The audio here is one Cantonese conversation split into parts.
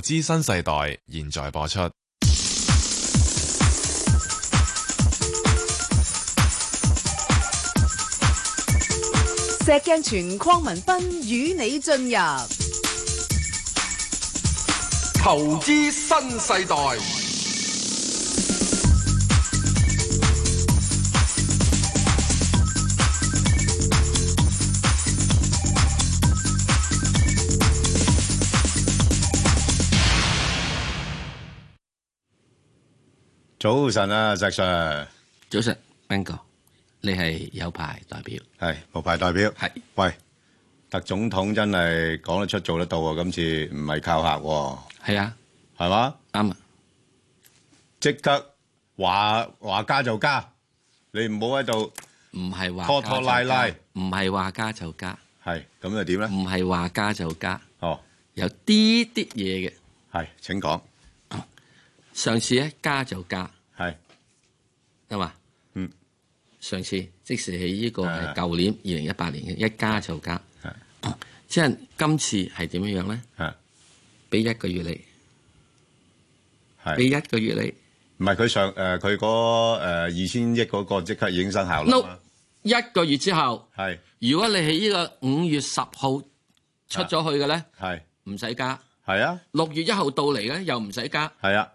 投資新世代，現在播出。石鏡泉、鄺民彬與你進入投資新世代。早晨啊，石 Sir。早晨，Bingo，你係有牌代表？係無牌代表？係。喂，特總統真係講得出，做得到啊！今次唔係靠客。係啊，係嘛？啱啊！即刻話話加就加，你唔好喺度唔係話拖拖拉拉，唔係話加就加。係咁又點咧？唔係話加就加。哦，有啲啲嘢嘅。係，請講。上次一加就加，係，係嘛，嗯，上次即使喺呢個舊年二零一八年嘅一加就加，係，即係今次係點樣樣咧？係，俾一個月你，係，俾一個月你，唔係佢上誒佢嗰誒二千億嗰個即刻已經生效啦嘛，no，一個月之後，係，如果你喺呢個五月十號出咗去嘅咧，係，唔使加，係啊，六月一號到嚟咧又唔使加，係啊。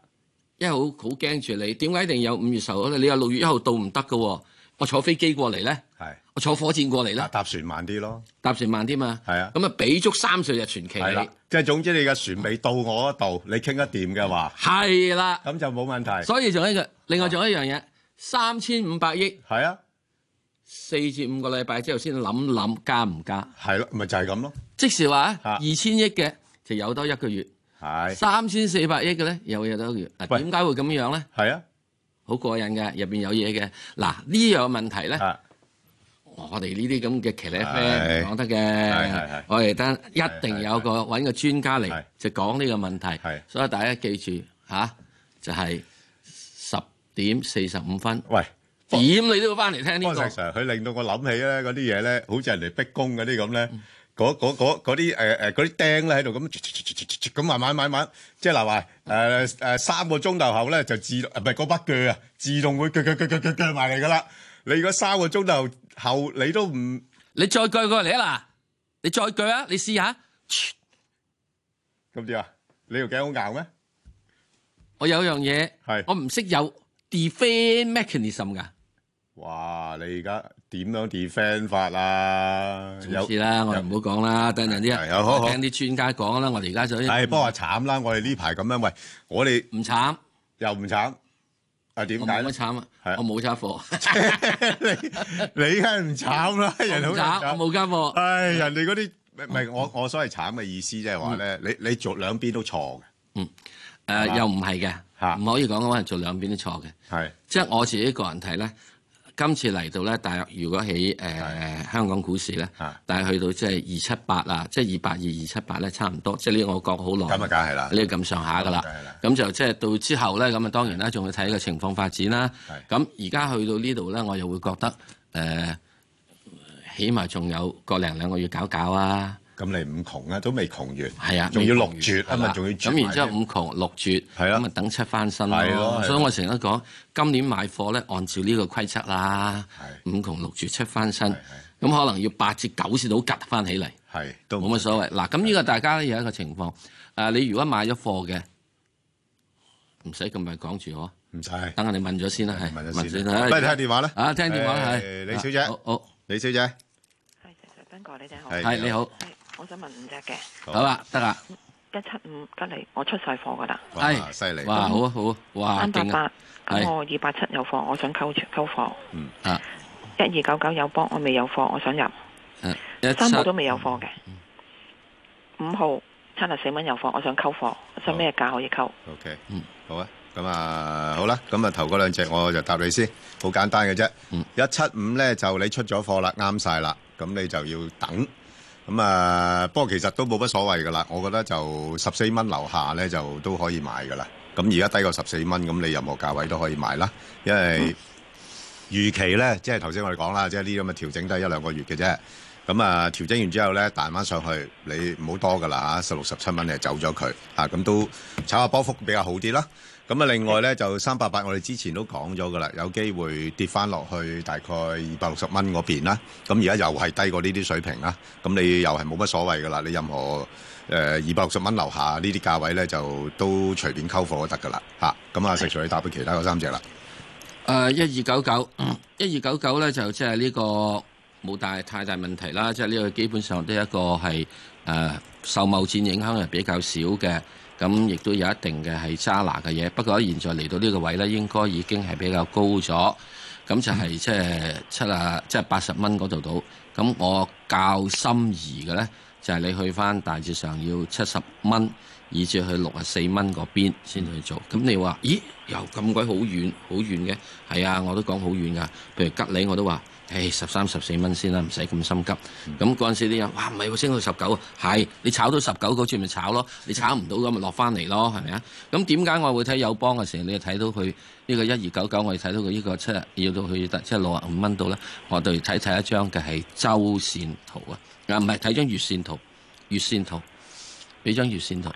即係好好驚住你，點解一定有五月十號？你話六月一號到唔得嘅？我坐飛機過嚟咧，係我坐火箭過嚟啦，搭船慢啲咯，搭船慢啲嘛，係啊，咁啊俾足三十日就全期，係啦，即係總之你嘅船未到我嗰度，你傾得掂嘅話，係啦，咁就冇問題。所以仲有一樣，另外仲有一樣嘢，三千五百億，係啊，四至五個禮拜之後先諗諗加唔加，係咯，咪就係、是、咁咯，即時話二千億嘅就有多一個月。三千四百億嘅咧，又有得月。點解會咁樣樣咧？係啊，好過癮嘅，入邊有嘢嘅。嗱呢樣問題咧，我哋呢啲咁嘅騎呢唔講得嘅，我哋等一定有個揾個專家嚟就講呢個問題。係，所以大家記住吓，就係十點四十五分。喂，點你都要翻嚟聽呢個？佢令到我諗起咧，嗰啲嘢咧，好似人哋逼供嗰啲咁咧。嗰嗰嗰嗰啲誒誒嗰啲釘咧，喺度咁，咁慢慢慢慢，即係嗱話誒誒三個鐘頭後咧就自動，唔係嗰把鋸啊，自動會鋸鋸鋸鋸鋸鋸埋嚟噶啦！你如果三個鐘頭後你都唔，你再鋸過嚟啊嗱，你再鋸啊，你試下，咁點啊？你條頸好硬咩？我有樣嘢，我唔識有 defend mechanism 噶。哇！你而家點樣 defend 法啊？有事啦，我哋唔好講啦，等陣先，我聽啲專家講啦。我哋而家就係不話慘啦。我哋呢排咁樣喂，我哋唔慘，又唔慘啊？點解慘啊？我冇揸貨，你你梗係唔慘啦。我冇炒，人哋好慘,我冇揸貨。唉，人哋嗰啲唔係我我所謂慘嘅意思，即係話咧，你你做兩邊都錯嘅。嗯，誒，又唔係嘅，唔可以講我係做兩邊都錯嘅。係，即係我自己個人睇咧。今次嚟到咧，大約如果喺、呃、香港股市咧，但係去到即係二七八啊，即係二八二二七八咧，差唔多，是即係呢、呢個我覺好耐。咁啊，梗係啦，呢個咁上下噶啦。咁就即係到之後咧，咁啊當然啦，仲會睇個情況發展啦。咁而家去到呢度咧，我又會覺得、呃、起碼仲有個零兩個月搞搞啊。咁你五窮啊，都未窮完，係啊，仲要六絕啊嘛，仲要咁、啊、然之後五窮六絕，咁啊等七翻身咯、啊啊啊。所以我成日講，今年買貨咧，按照呢個規則啦、啊，五窮六絕七翻身，咁、啊、可能要八至九先到夾翻起嚟，都冇乜所謂。嗱、啊，咁呢個大家咧有一個情況，誒、啊，你如果買咗貨嘅，唔使咁咪講住我，唔使，等下你問咗先啦、啊，係、啊。喂、啊，睇下、啊啊、電話啦，啊，聽電話係、哎啊，李小姐，啊、李小姐，係陳生哥，你好，係、啊、你好。我想問五隻嘅好啊，得啦，一,一七五隔嚟，我出晒貨噶啦，係，犀利，哇，好啊，好啊，哇，三八八，咁我二八七有貨，我想溝溝貨，嗯啊，一二九九友邦，我未有貨，我想入，啊、三號都未有貨嘅、嗯嗯，五號七十四蚊有貨，我想溝貨，想咩價可以溝？O K，嗯，好啊，咁啊，好啦，咁啊，頭嗰兩隻我就答你先，好簡單嘅啫、嗯，一七五咧就你出咗貨啦，啱晒啦，咁你就要等。咁啊，不過其實都冇乜所謂噶啦，我覺得就十四蚊樓下呢，就都可以買噶啦。咁而家低過十四蚊，咁你任何價位都可以買啦。因為預、嗯、期呢，即係頭先我哋講啦，即係呢咁嘅調整都係一兩個月嘅啫。咁啊，調整完之後呢，彈翻上去，你唔好多噶啦嚇，十六十七蚊你就走咗佢啊。咁都炒下波幅比較好啲啦。咁啊，另外咧就三百八，我哋之前都講咗噶啦，有機會跌翻落去大概二百六十蚊嗰邊啦。咁而家又係低過呢啲水平啦。咁你又係冇乜所謂噶啦。你任何誒二百六十蚊樓下這些價呢啲價位咧，就都隨便溝貨都得噶啦。嚇！咁啊，食水你答俾其他嗰三隻啦。誒，一二九九，一二九九咧就即係呢、這個冇大太大問題啦。即係呢個基本上都係一個係誒、呃、受貿戰影響係比較少嘅。咁亦都有一定嘅係揸拿嘅嘢，不過喺現在嚟到呢個位呢，應該已經係比較高咗。咁就係即係七啊，即係八十蚊嗰度到。咁我較心儀嘅呢，就係、是、你去翻大致上要七十蚊，以至去六啊四蚊嗰邊先去做。咁你話，咦？又咁鬼好遠，好遠嘅。係啊，我都講好遠㗎。譬如吉利，我都話。誒、哎、十三十四蚊先啦、啊，唔使咁心急。咁嗰陣時啲人，哇唔係會升到十九啊？係你炒到十九嗰次咪炒咯，你炒唔到咁咪落翻嚟咯，係咪啊？咁點解我會睇友邦嘅時候，你又睇到佢呢個一二九九，我哋睇到佢呢個七日要到去得即六十五蚊度啦？我哋睇第一張嘅係周線圖啊，啊唔係睇張月線圖，月線圖，俾張月線圖。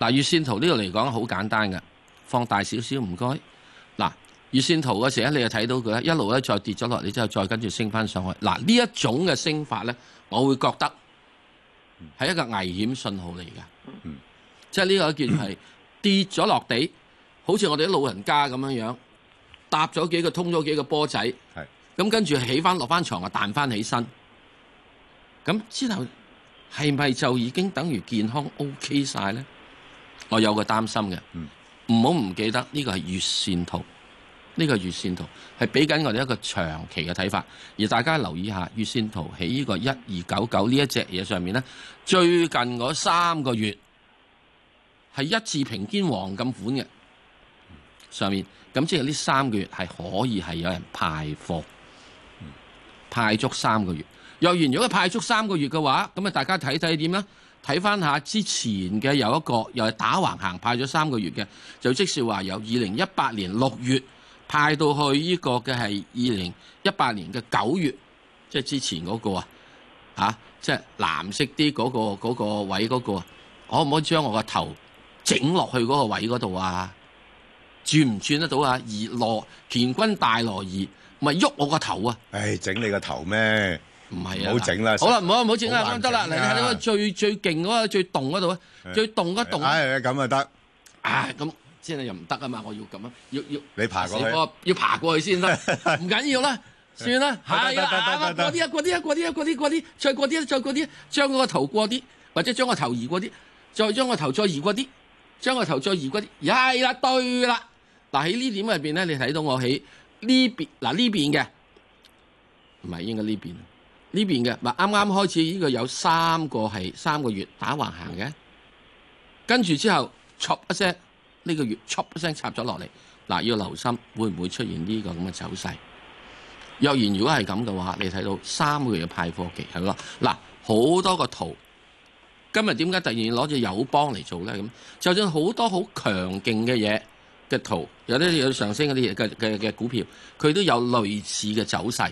嗱月線圖呢度嚟講好簡單㗎，放大少少唔該。月線圖嘅時候，你又睇到佢咧，一路咧再跌咗落嚟，之後再跟住升翻上去。嗱，呢一種嘅升法咧，我會覺得係一個危險信號嚟噶。嗯，即係呢個一件係跌咗落地，嗯、好似我哋啲老人家咁樣樣，搭咗幾個通咗幾個波仔，係，咁跟住起翻落翻床啊，彈翻起身。咁之後係咪就已經等於健康 OK 晒咧？我有個擔心嘅，唔好唔記得呢個係月線圖。呢個月線圖係俾緊我哋一個長期嘅睇法，而大家留意下月線圖喺呢個一、二、九、九呢一隻嘢上面呢，最近嗰三個月係一次平肩黃咁款嘅上面，咁即係呢三個月係可以係有人派貨派足三個月。若然如果派足三個月嘅話，咁啊大家睇睇點啦？睇翻下之前嘅有一個又係打橫行派咗三個月嘅，就即是話由二零一八年六月。派到去呢個嘅係二零一八年嘅九月，即係之前嗰個啊，吓即係藍色啲嗰個嗰個位嗰個啊，我可唔可以將我個頭整落去嗰個位嗰度啊？轉唔轉得到啊？而落乾坤大挪移，咪喐我個頭啊！唉，整你個頭咩？唔係啊，好整啦！好啦，唔好唔好整啦，得啦，嚟睇呢個最最勁嗰個最動嗰度啊！最動一動，唉，咁啊得，唉咁。先係又唔得啊嘛！我要咁啊，要要你爬過去，要爬過去先得，啊，唔緊要啦， 算啦，啊，係啦，啊，過啲啊，啊，過啲啊，過啲啊，過啲，啊，過啲，啊，再過啲啊，啊，再過啲，啊，將個頭過啲，或者將個頭移過啲，再將個頭再移過啲，將個頭再移過啲，係，哎，啦，對啦，嗱喺呢點入邊咧，你睇到我喺呢邊，嗱，啊，呢邊嘅唔係應該呢邊，呢邊嘅，嗱啱啱開始呢個有三個係三個月打橫行嘅，跟住之後 collapse 呢個月唰一聲插咗落嚟，嗱要留心，會唔會出現呢個咁嘅走勢？若然如果係咁嘅話，你睇到三個月嘅派貨期係咯，嗱好多個圖，今日點解突然攞隻友邦嚟做呢？咁就算好多好強勁嘅嘢嘅圖，有啲有上升嗰啲嘢嘅嘅嘅股票，佢都有類似嘅走勢，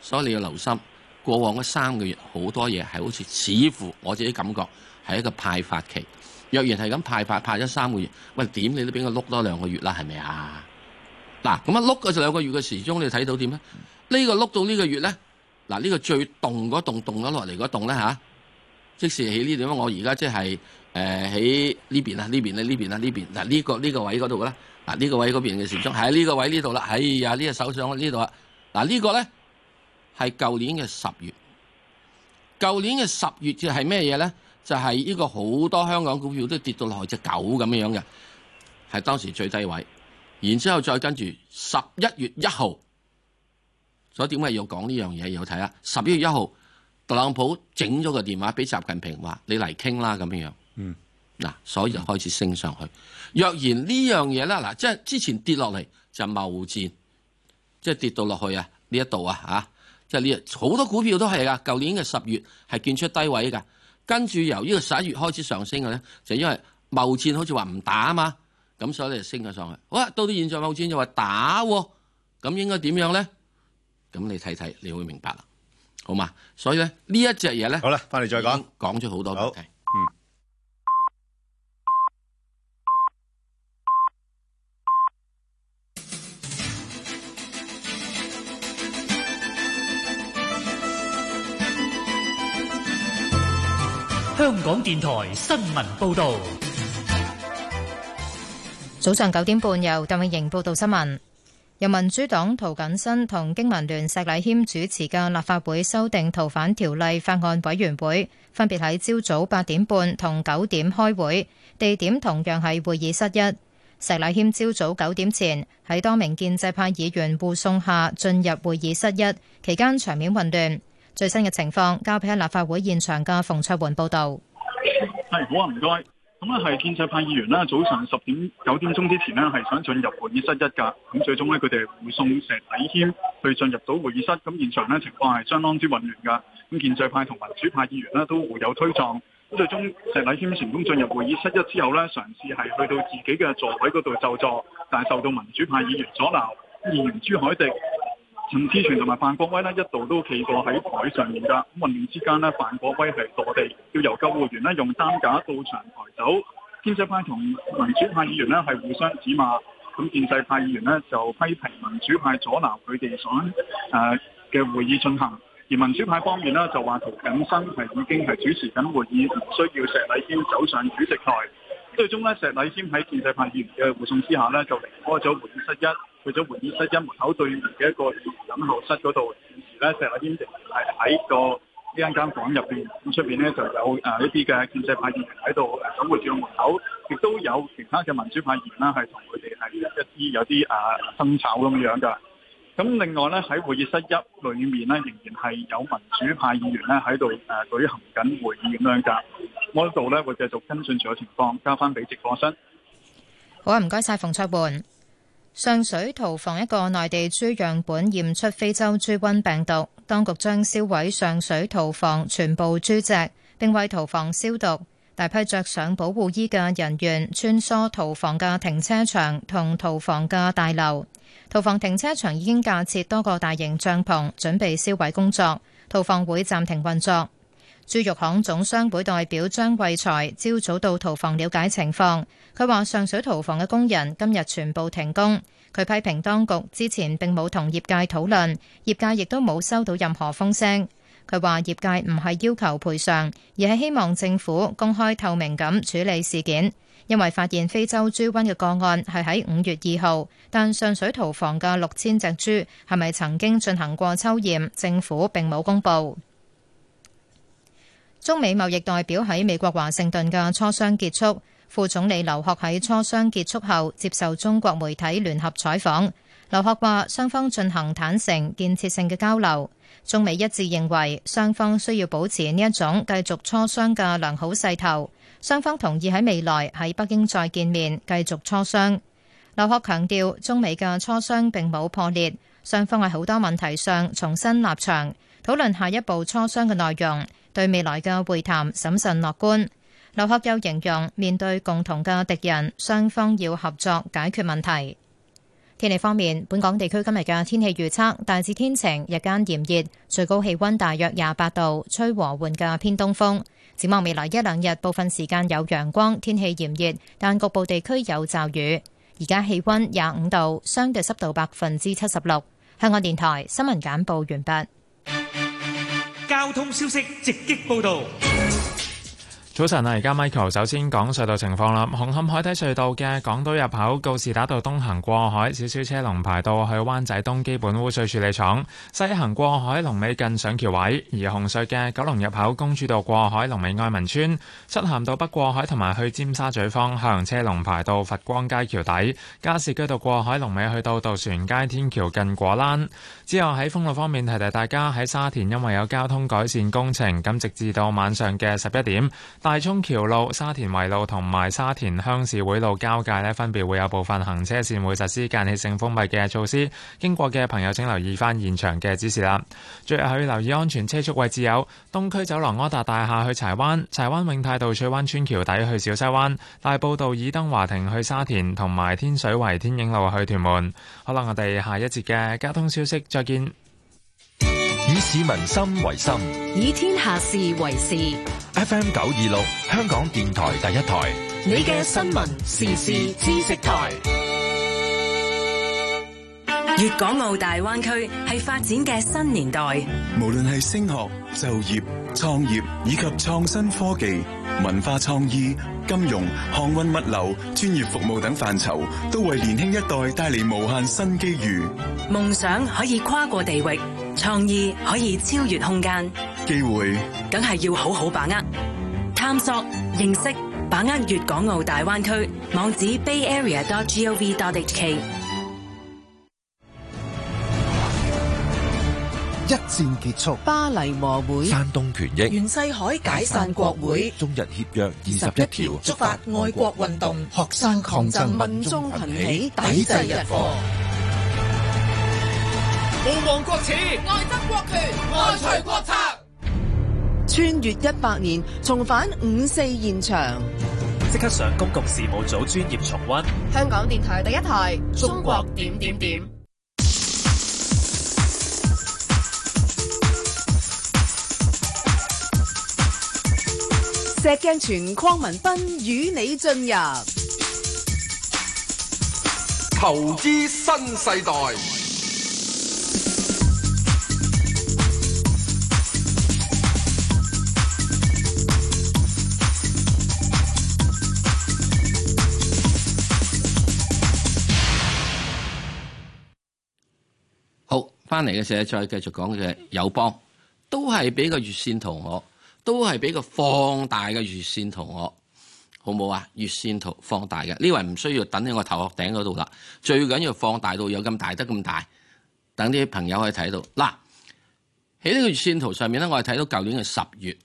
所以你要留心。過往嘅三個月好多嘢係好似似乎我自己感覺係一個派發期。若然係咁派派派咗三個月，喂點你都俾我碌多兩個月啦，係咪啊？嗱，咁啊碌嘅就兩個月嘅時鐘，你睇到點咧？呢、這個碌到呢個月咧，嗱、啊、呢、這個最動嗰棟動咗落嚟嗰棟咧嚇，即是喺呢點。我而家即係誒喺呢邊啦，呢邊咧，呢邊啦，呢邊。嗱呢、這個呢、這個位嗰度啦，嗱、啊、呢、這個位嗰邊嘅時鐘喺呢個位呢度啦。哎呀，呢、這個手上呢度啊。嗱、這個、呢個咧係舊年嘅十月，舊年嘅十月即係咩嘢咧？就係、是、呢個好多香港股票都跌到落去隻狗咁樣嘅，係當時最低位。然之後再跟住十一月一號，所以點解要講呢樣嘢？要睇下十一月一號，特朗普整咗個電話俾習近平，話你嚟傾啦咁樣樣。嗯嗱、啊，所以就開始升上去。若然這事呢樣嘢咧，嗱即係之前跌落嚟就貿戰，即係跌到落去啊呢一度啊嚇，即係呢好多股票都係噶。舊年嘅十月係見出低位㗎。跟住由呢個十一月開始上升嘅咧，就是、因為貿戰好似話唔打啊嘛，咁所以你就升咗上去。哇！到到現在貿戰就話打，咁應該點樣咧？咁你睇睇，你會明白啦，好嘛？所以咧、這個、呢一隻嘢咧，好啦，翻嚟再講，講咗好多。香港電台新聞報道，早上九點半由鄧永瑩報道新聞。由民主黨涂謹申同經民聯石禮謙主持嘅立法會修訂逃犯條例法案委員會，分別喺朝早八點半同九點開會，地點同樣係會議室一。石禮謙朝早九點前喺多名建制派議員護送下進入會議室一，期間場面混亂。最新嘅情況交俾喺立法會現場嘅馮卓媛報道。係好啊，唔該。咁咧係建制派議員啦，早上十點九點鐘之前呢，係想進入會議室一噶，咁最終呢，佢哋係護送石禮謙去進入到會議室。咁現場呢，情況係相當之混亂噶，咁建制派同民主派議員呢，都互有推撞。咁最終石禮謙成功進入會議室一之後呢，嘗試係去到自己嘅座位嗰度就座，但係受到民主派議員阻撓。議員朱凱迪。陳志全同埋范國威呢一度都企過喺台上面噶，咁混亂之間呢，范國威係墮地，要由救護員呢用擔架到場抬走。建制派同民主派議員咧係互相指罵，咁建制派議員呢就批評民主派阻撓佢哋想誒嘅會議進行，而民主派方面呢就話涂謹申係已經係主持緊會議，唔需要石禮謙走上主席台。最終呢，石禮謙喺建制派議員嘅護送之下呢就離開咗會議室一。去咗會議室一門口對面嘅一個等候室嗰度，而咧石偉堅仍然係喺個呢間間房入邊。咁出邊咧就有啊一啲嘅建制派議員喺度守護住個門口，亦都有其他嘅民主派議員啦，係同佢哋係一啲有啲啊爭吵咁樣嘅。咁另外咧喺會議室一裏面咧，仍然係有民主派議員咧喺度誒舉行緊會議咁樣㗎。我呢度咧會繼續跟進住個情況，交翻俾直播室。好啊，唔該晒，馮卓伴。上水屠房一個內地豬樣本驗出非洲豬瘟病毒，當局將銷毀上水屠房全部豬隻，並為屠房消毒。大批着上保護衣嘅人員穿梭屠房嘅停車場同屠房嘅大樓。屠房停車場已經架設多個大型帳篷，準備銷毀工作。屠房會暫停運作。豬肉行總商會代表張貴才朝早到屠房了解情況，佢話上水屠房嘅工人今日全部停工。佢批評當局之前並冇同業界討論，業界亦都冇收到任何風聲。佢話業界唔係要求賠償，而係希望政府公開透明咁處理事件。因為發現非洲豬瘟嘅個案係喺五月二號，但上水屠房嘅六千隻豬係咪曾經進行過抽驗，政府並冇公布。中美貿易代表喺美國華盛頓嘅磋商結束，副總理劉鶴喺磋商結束後接受中國媒體聯合採訪。劉鶴話：雙方進行坦誠、建設性嘅交流，中美一致認為雙方需要保持呢一種繼續磋商嘅良好勢頭。雙方同意喺未來喺北京再見面，繼續磋商。劉鶴強調，中美嘅磋商並冇破裂，雙方喺好多問題上重新立場，討論下一步磋商嘅內容，對未來嘅會談審慎樂觀。劉克劉鶴又形容，面對共同嘅敵人，雙方要合作解決問題。天氣方面，本港地區今日嘅天氣預測大致天晴，日間炎熱，最高氣温大約廿八度，吹和緩嘅偏東風。展望未來一兩日，部分時間有陽光，天氣炎熱，但局部地區有驟雨。而家氣温廿五度，相對濕度百分之七十六。香港電台新聞簡報完畢。交通消息直擊報道。早晨啊！而家 Michael 首先講隧道情況啦。紅磡海底隧道嘅港島入口告士打道東行過海，少少車龍排到去灣仔東基本污水處理廠；西行過海龍尾近上橋位。而紅隧嘅九龍入口公主道過海龍尾愛民邨，漆咸道北過海同埋去尖沙咀方向，車龍排到佛光街橋底。加士居道過海龍尾去到渡船街天橋近果欄。之後喺封路方面，提提大家喺沙田，因為有交通改善工程，咁直至到晚上嘅十一點。大涌橋路、沙田圍路同埋沙田鄉事會路交界呢，分別會有部分行車線會實施間歇性封閉嘅措施。經過嘅朋友請留意翻現場嘅指示啦。最後要留意安全車速位置有：東區走廊柯達大廈去柴灣、柴灣永泰道翠灣村橋底去小西灣、大埔道爾登華庭去沙田，同埋天水圍天影路去屯門。好啦，我哋下一節嘅交通消息，再見。以市民心為心，以天下事為事。FM 九二六，香港電台第一台。你嘅新聞時事知識台。粵港澳大灣區係發展嘅新年代。無論係升學、就業、創業以及創新科技、文化創意、金融、航運、物流、專業服務等範疇，都為年輕一代帶嚟無限新機遇。夢想可以跨過地域。創意可以超越空間，機會，梗係要好好把握。探索、認識、把握粵港澳大灣區網址 bayarea.gov.hk 毋忘國恥，外爭國權，內除國賊。穿越一百年，重返五四現場。即刻上公共事務組專業重溫。香港電台第一台，中國點點點，點。石鏡泉鄺民彬與你進入投資新世代。翻嚟嘅時候再繼續講嘅友邦，都係俾個月線圖我，都係俾個放大嘅月線圖我，好冇啊？月線圖放大嘅呢？位唔需要等喺我頭殼頂嗰度啦，最緊要放大到有咁大得咁大，等啲朋友可以睇到。嗱，喺呢個月線圖上面咧，我哋睇到舊年嘅十月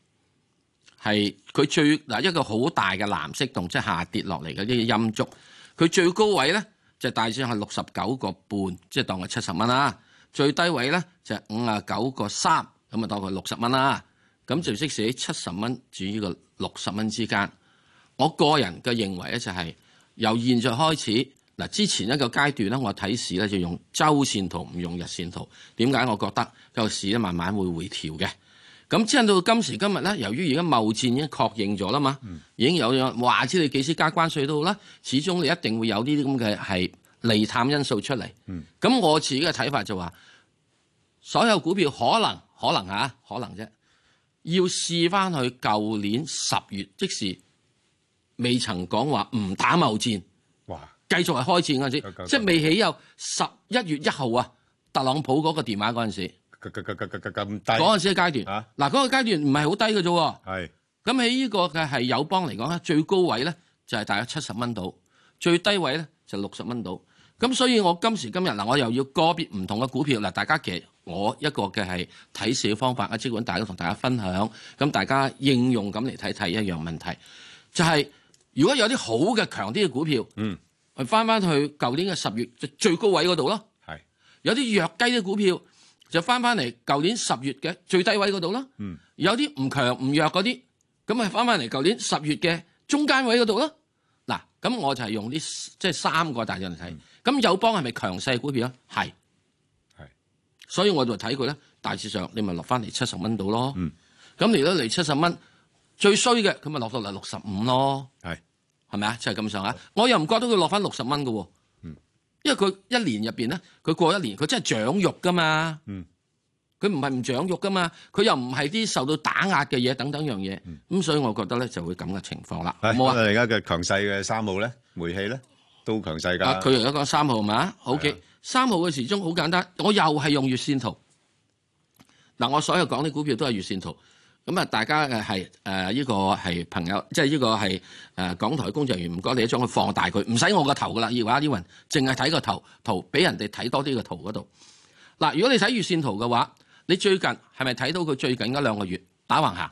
係佢最嗱一個好大嘅藍色洞，即係下跌落嚟嘅一陰燭。佢最高位咧就係、大約係六十九個半，即係當係七十蚊啦。最低位咧就五啊九個三，咁啊當佢六十蚊啦，咁就即使喺七十蚊至呢個六十蚊之間。我個人嘅認為咧就係、是、由現在開始嗱，之前一個階段咧，我睇市咧就用周線圖唔用日線圖。點解我覺得個市咧慢慢會回調嘅？咁至到今時今日咧，由於而家貿戰已經確認咗啦嘛，已經有咗話知你幾時加關稅到啦，始終你一定會有啲啲咁嘅係，利淡因素出嚟，咁我自己嘅睇法就話、是，所有股票可能可能啊，可能啫，要試翻去舊年十月，即使未曾講話唔打貿戰，哇，繼續係開始嗰陣時、啊啊啊，即未起有十一月一號啊，特朗普嗰個電話嗰陣時，咁咁咁咁咁咁嗰陣時嘅階段，嗱、啊、嗰個階段唔係好低嘅啫喎，咁喺呢個嘅係友邦嚟講咧，最高位咧就係、是、大約七十蚊到，最低位咧就六十蚊到。咁所以，我今時今日嗱，我又要個別唔同嘅股票嗱，大家其實我一個嘅係睇市嘅方法我即管大家同大家分享，咁大家應用咁嚟睇睇一樣問題，就係、是、如果有啲好嘅強啲嘅股票，嗯，咪翻翻去舊年嘅十月最高位嗰度咯，有啲弱雞啲股票就翻翻嚟舊年十月嘅最低位嗰度咯，嗯有，有啲唔強唔弱嗰啲，咁咪翻翻嚟舊年十月嘅中間位嗰度咯。咁我就係用呢即係三個大字嚟睇，咁友邦係咪強勢股票咧？係，係，所以我就睇佢咧。大致上你咪落翻嚟七十蚊度咯。嗯，咁嚟到嚟七十蚊，最衰嘅咁咪落到嚟六十五咯。係，係咪啊？即係咁上下。我又唔覺得佢落翻六十蚊嘅喎。嗯，因為佢一年入邊咧，佢過一年佢真係長肉噶嘛。嗯。佢唔係唔長肉噶嘛，佢又唔係啲受到打壓嘅嘢等等樣嘢，咁、嗯、所以我覺得咧就會咁嘅情況啦。咁、哎、啊，而家嘅強勢嘅三號咧，煤氣咧都強勢㗎、啊。佢而家講三號係嘛？OK，三號嘅時鐘好簡單，我又係用月線圖。嗱，我所有講啲股票都係月線圖。咁啊，大家誒係誒依個係朋友，即係呢個係、呃、港台工作人員，唔該你將佢放大佢，唔使我個頭㗎啦。而話啲雲淨係睇個頭圖，俾人哋睇多啲個圖嗰度。嗱，如果你睇月線圖嘅話，你最近係咪睇到佢最近嗰兩個月打橫行？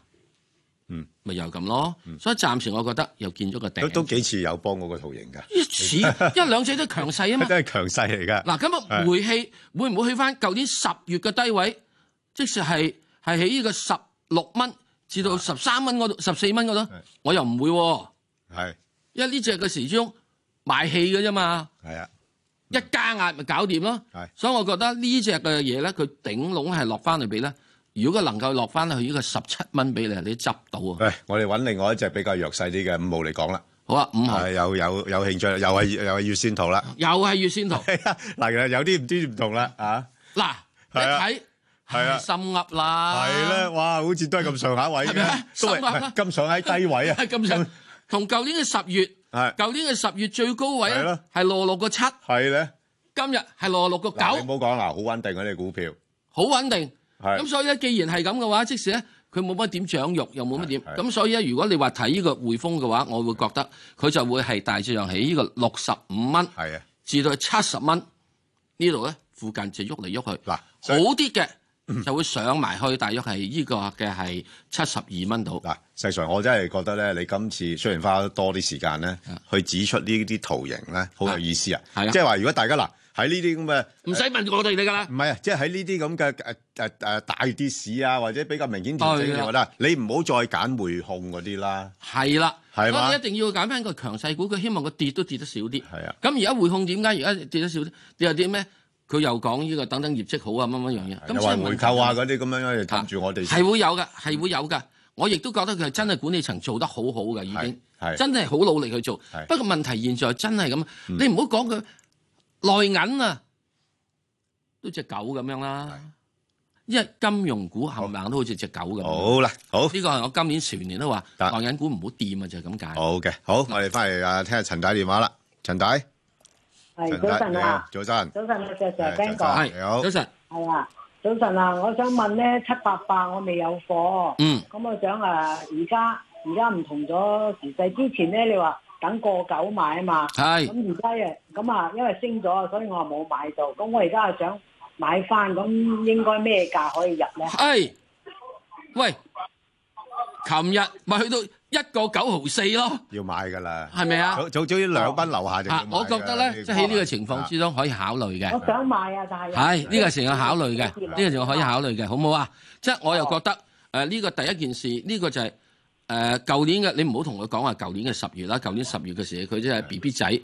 嗯，咪又咁咯、嗯。所以暫時我覺得又見咗個頂。佢都，都幾次有幫我個圖形㗎。似， 因為兩隻都強勢啊嘛。都係強勢嚟㗎。嗱，咁啊，煤氣會唔會去翻舊年十月嘅低位？即使係係喺呢個十六蚊至到十三蚊嗰度、十四蚊嗰度，我又唔會喎、啊。係，因為呢隻嘅時鐘賣氣㗎啫嘛。係啊。一加壓咪搞掂咯，所以我覺得呢隻嘅嘢咧，佢頂籠係落翻嚟俾咧。如果佢能夠落翻去呢個十七蚊俾你，你執到啊！喂，我哋揾另外一隻比較弱勢啲嘅五號嚟講啦。好啊，五號。有有有興趣啦，又係又係月線圖啦。又係月線圖。嗱，其實有啲唔啲唔同啦啊。嗱，你睇係啊，深噏啦。係啦，哇，好似都係咁上下位嘅。深噏。咁上喺低位啊。咁上同舊年嘅十月。係，舊年嘅十月最高位咧，係落六個七，係咧，今日係落六個九。你唔好講啦，好穩定嗰啲股票，好穩定。係咁，所以咧，既然係咁嘅話，即使咧佢冇乜點掌肉，又冇乜點，咁所以咧，如果你話睇呢個匯豐嘅話，我會覺得佢就會係大致上喺呢個六十五蚊，係啊，至到七十蚊呢度咧，附近就喐嚟喐去。嗱，好啲嘅。就會上埋去，大約係呢個嘅係七十二蚊度。嗱、嗯，石 Sir 我真係覺得咧，你今次雖然花多啲時間咧，去指出呢啲圖形咧，好有意思啊！係啊，即係話如果大家嗱喺呢啲咁嘅，唔使問我哋嚟㗎啦。唔係啊，即係喺呢啲咁嘅誒誒誒大跌市啊，或者比較明顯調整嘅話啦，你唔好再揀匯控嗰啲啦。係啦，所以你一定要揀翻個強勢股，佢希望個跌都跌得少啲。係啊，咁而家匯控點解而家跌得少啲？又跌咩？佢又講呢個等等業績好啊，乜乜樣嘢？咁所以回購啊嗰啲咁樣樣氹住我哋，係會有㗎，係會有㗎。我亦都覺得佢係真係管理層做得好好㗎，已經係真係好努力去做。不過問題現在真係咁，你唔好講佢內銀啊，都隻狗咁樣啦。因為金融股冚唪唥都好似隻狗咁。好啦，好呢個係我今年全年都話內銀股唔好掂啊，就係咁解。好嘅，好，我哋翻嚟啊，聽下陳大電話啦，陳大。係早晨啊！早晨，早晨啊！石石啊，Ben 哥早晨，係早晨啊！我想問咧，七百八,八我未有貨，嗯，咁我想啊，而家而家唔同咗時勢，之前咧，你話等過九買啊嘛？係，咁而家啊，咁啊，因為升咗，所以我冇買到，咁我而家係想買翻，咁應該咩價可以入咧？係，喂，琴日咪去到。一個九毫四咯，要買㗎啦，係咪、哦、啊？早早啲兩筆留下就我覺得咧，即喺呢個情況之中可以考慮嘅。我想買啊，但係係呢個時候考慮嘅，呢、這個時候可以考慮嘅、這個，好唔好啊？即、就是、我又覺得誒呢、呃這個第一件事，呢、這個就係、是。誒、呃，舊年嘅你唔好同佢講話舊年嘅十月啦，舊年十月嘅時候，佢真係 BB 仔，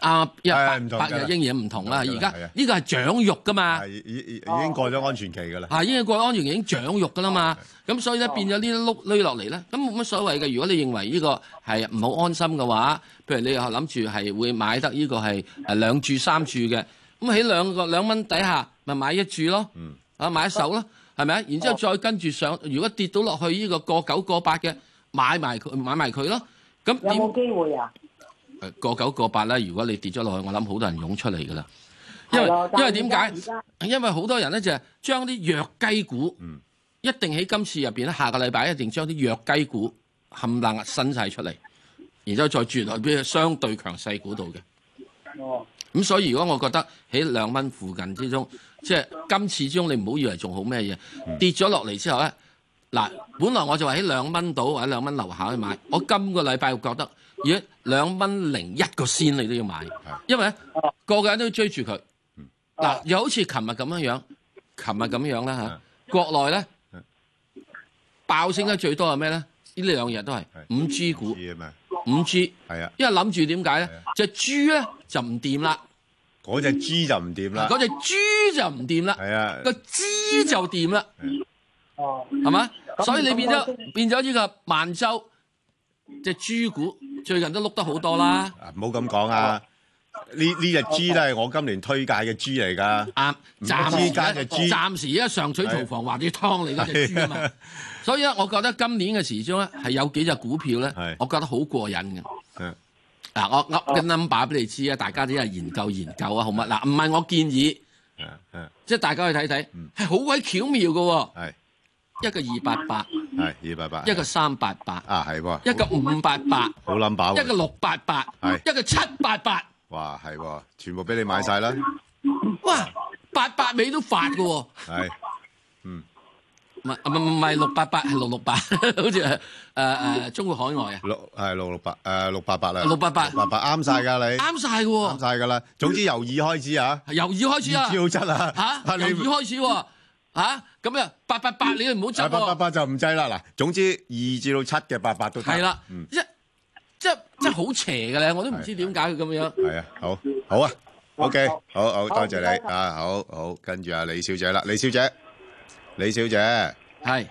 阿一百日嬰兒唔同啦。而家呢個係長肉㗎嘛，已、啊、已已經過咗安全期㗎啦。因、啊、已經過咗安全期，已經長肉㗎啦嘛。咁、啊啊、所以咧、啊、變咗呢一碌落嚟咧，咁冇乜所謂嘅。如果你認為呢個係唔好安心嘅話，譬如你又諗住係會買得呢個係誒兩注三注嘅，咁喺兩個兩蚊底下咪買一注咯，嗯、啊買一手咯，係咪啊？然之後再跟住上，如果跌到落去呢、這個過九過八嘅。買埋佢，買埋佢咯。咁有冇機會啊？誒、嗯，個九個八咧，如果你跌咗落去，我諗好多人湧出嚟㗎喇。係咯，因為點解？因為好多人咧就係將啲弱雞股、嗯，一定喺今次入邊咧，下個禮拜一定將啲弱雞股冚唥伸晒出嚟，然之後再轉去啲相對強勢股度嘅。哦。咁、嗯、所以如果我覺得喺兩蚊附近之中，即係今次之中，你唔好以為仲好咩嘢，跌咗落嚟之後咧。嗱，本來我就話喺兩蚊到或者兩蚊樓下去買，我今個禮拜覺得，如果兩蚊零一個先，你都要買，因為咧個個人都要追住佢。嗱，又好似琴日咁樣樣，琴日咁樣啦嚇，國內咧爆升得最多係咩咧？呢兩日都係五 G 股，五 G 係啊，因為諗住點解咧？隻豬咧就唔掂啦，嗰隻豬就唔掂啦，嗰隻豬就唔掂啦，係啊，個豬就掂啦，係嘛？所以你變咗變咗呢、呢個萬洲隻豬股最近都碌得好多啦！唔好咁講啊！呢呢隻豬都係我今年推介嘅豬嚟㗎。暫時、啊、G, G, 暫時豬、啊，而家上水屠房話啲湯嚟㗎豬嘛！所以咧、啊， 我覺得今年嘅時鐘咧係有幾隻股票咧，我覺得好過癮嘅。嗱、啊啊，我噏個 number 俾你知啊，大家都係研究研究啊，好嘛？嗱、啊，唔係我建議，即係、就是、大家去睇睇，係好鬼巧妙喎、啊。一個二八八，係二八八。一個三八八，1008, 6808, 啊，係一個五八八，好冧巴。一個六八八，係。一個七八八，哇，係，全部俾你買晒啦。哇，八八尾都發嘅喎、哦。係、啊，嗯，唔唔唔係六八八，係六六八，好似誒誒，中國海外啊。六，係六六八誒六八八啦。六八八，八八啱晒噶你。啱晒嘅喎。啱晒嘅啦，總之由二開始啊。由二開始啊。超值啊。吓、啊啊，由二開始喎、啊。你你吓，咁啊樣八八八，嗯、你都唔好制，八八八就唔制啦嗱，總之二至到七嘅八八都係啦，一、嗯、即係即係好邪嘅咧，我都唔知點解佢咁樣。係啊，好，好啊，OK，好好，好多謝你，多謝你啊，好好，跟住啊，李小姐啦，李小姐，李小姐，係，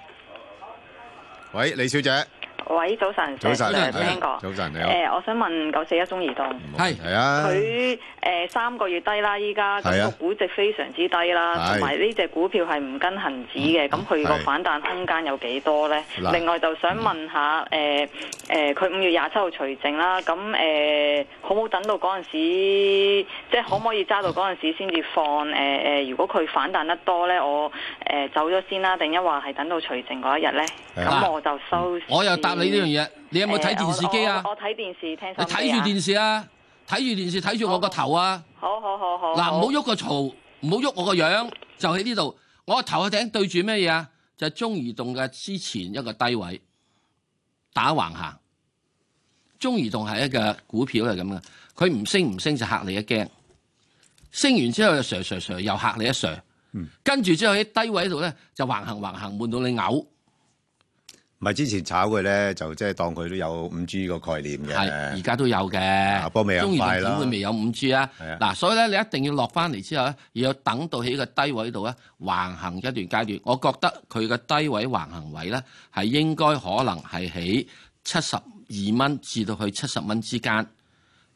喂，李小姐。喂，早晨，早晨，聽、啊、過。誒、欸，我想問九四一中移動，係係啊，佢誒、呃、三個月低啦，依家個估值非常之低啦，同埋呢隻股票係唔跟恒指嘅，咁、嗯、佢個反彈空間有幾多咧？另外就想問下誒誒，佢、嗯、五、呃、月廿七號除淨啦，咁誒好唔好等到嗰陣時，即係可唔可以揸到嗰陣時先至放誒誒、啊啊？如果佢反彈得多咧，我誒、呃、走咗先啦，定一話係等到除淨嗰一日咧？咁、啊、我就收。嗯你呢樣嘢，你有冇睇電視機啊？欸、我睇電視，聽、啊、你睇住電視啊，睇住電視，睇住我個頭啊。好好好好。嗱，唔好喐個槽，唔好喐我個樣，就喺呢度。我個頭個頂對住咩嘢啊？就係、中移動嘅之前一個低位打橫行。中移動係一個股票係咁嘅，佢唔升唔升就嚇你一驚，升完之後又上上上，又嚇你一上。嗯。跟住之後喺低位度咧就橫行橫行，悶到你嘔。唔係之前炒佢咧，就即係當佢都有五 G 個概念嘅。係，而家都有嘅。中移動點會未有五 G 啊？嗱，所以咧，你一定要落翻嚟之後咧，要等到喺個低位度咧橫行一段階段。我覺得佢嘅低位橫行位咧，係應該可能係喺七十二蚊至到去七十蚊之間。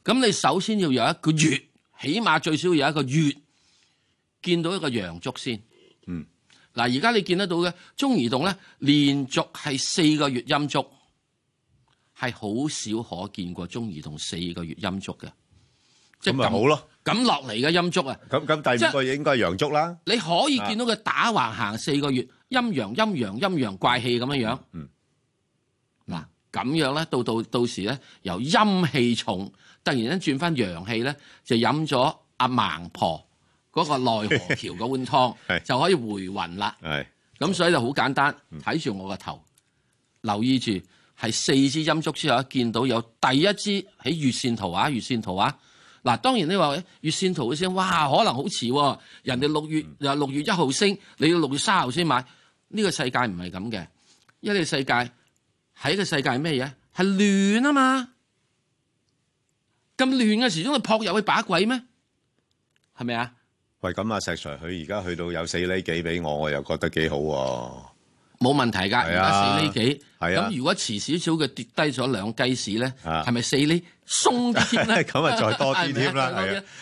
咁你首先要有一個月，起碼最少要有一個月見到一個陽燭先。嗯。嗱，而家你見得到嘅中移動咧，連續係四個月陰燭，係好少可見過中移動四個月陰燭嘅，即係咁好咯。咁落嚟嘅陰燭啊，咁咁第五個月應該陽燭啦。你可以見到佢打橫行四個月，啊，陰陽陰陽陰陽怪氣咁樣樣。嗱、嗯，咁樣咧，到到到時咧，由陰氣重，突然間轉翻陽氣咧，就飲咗阿、啊、孟婆嗰、那個奈何橋嗰碗湯 就可以回魂啦。咁所以就好簡單，睇 住我個頭，留意住係四支陰燭之後，見到有第一支喺月線圖啊，月線圖啊。嗱，當然你話月線圖先，哇，可能好遲喎。人哋六月又六 月一號升，你要六月三號先買。呢、這個世界唔係咁嘅，因為呢個世界喺個世界咩嘢？係亂啊嘛！咁亂嘅時鐘，你撲入去把鬼咩？係咪啊？喂，咁啊，石 Sir，佢而家去到有四厘幾俾我，我又覺得幾好喎、啊。冇問題㗎，而家四厘幾。係啊，咁、啊、如果遲少少嘅跌低咗兩雞屎咧，係咪、啊、四厘鬆啲咧？咁 啊，再多啲添啦。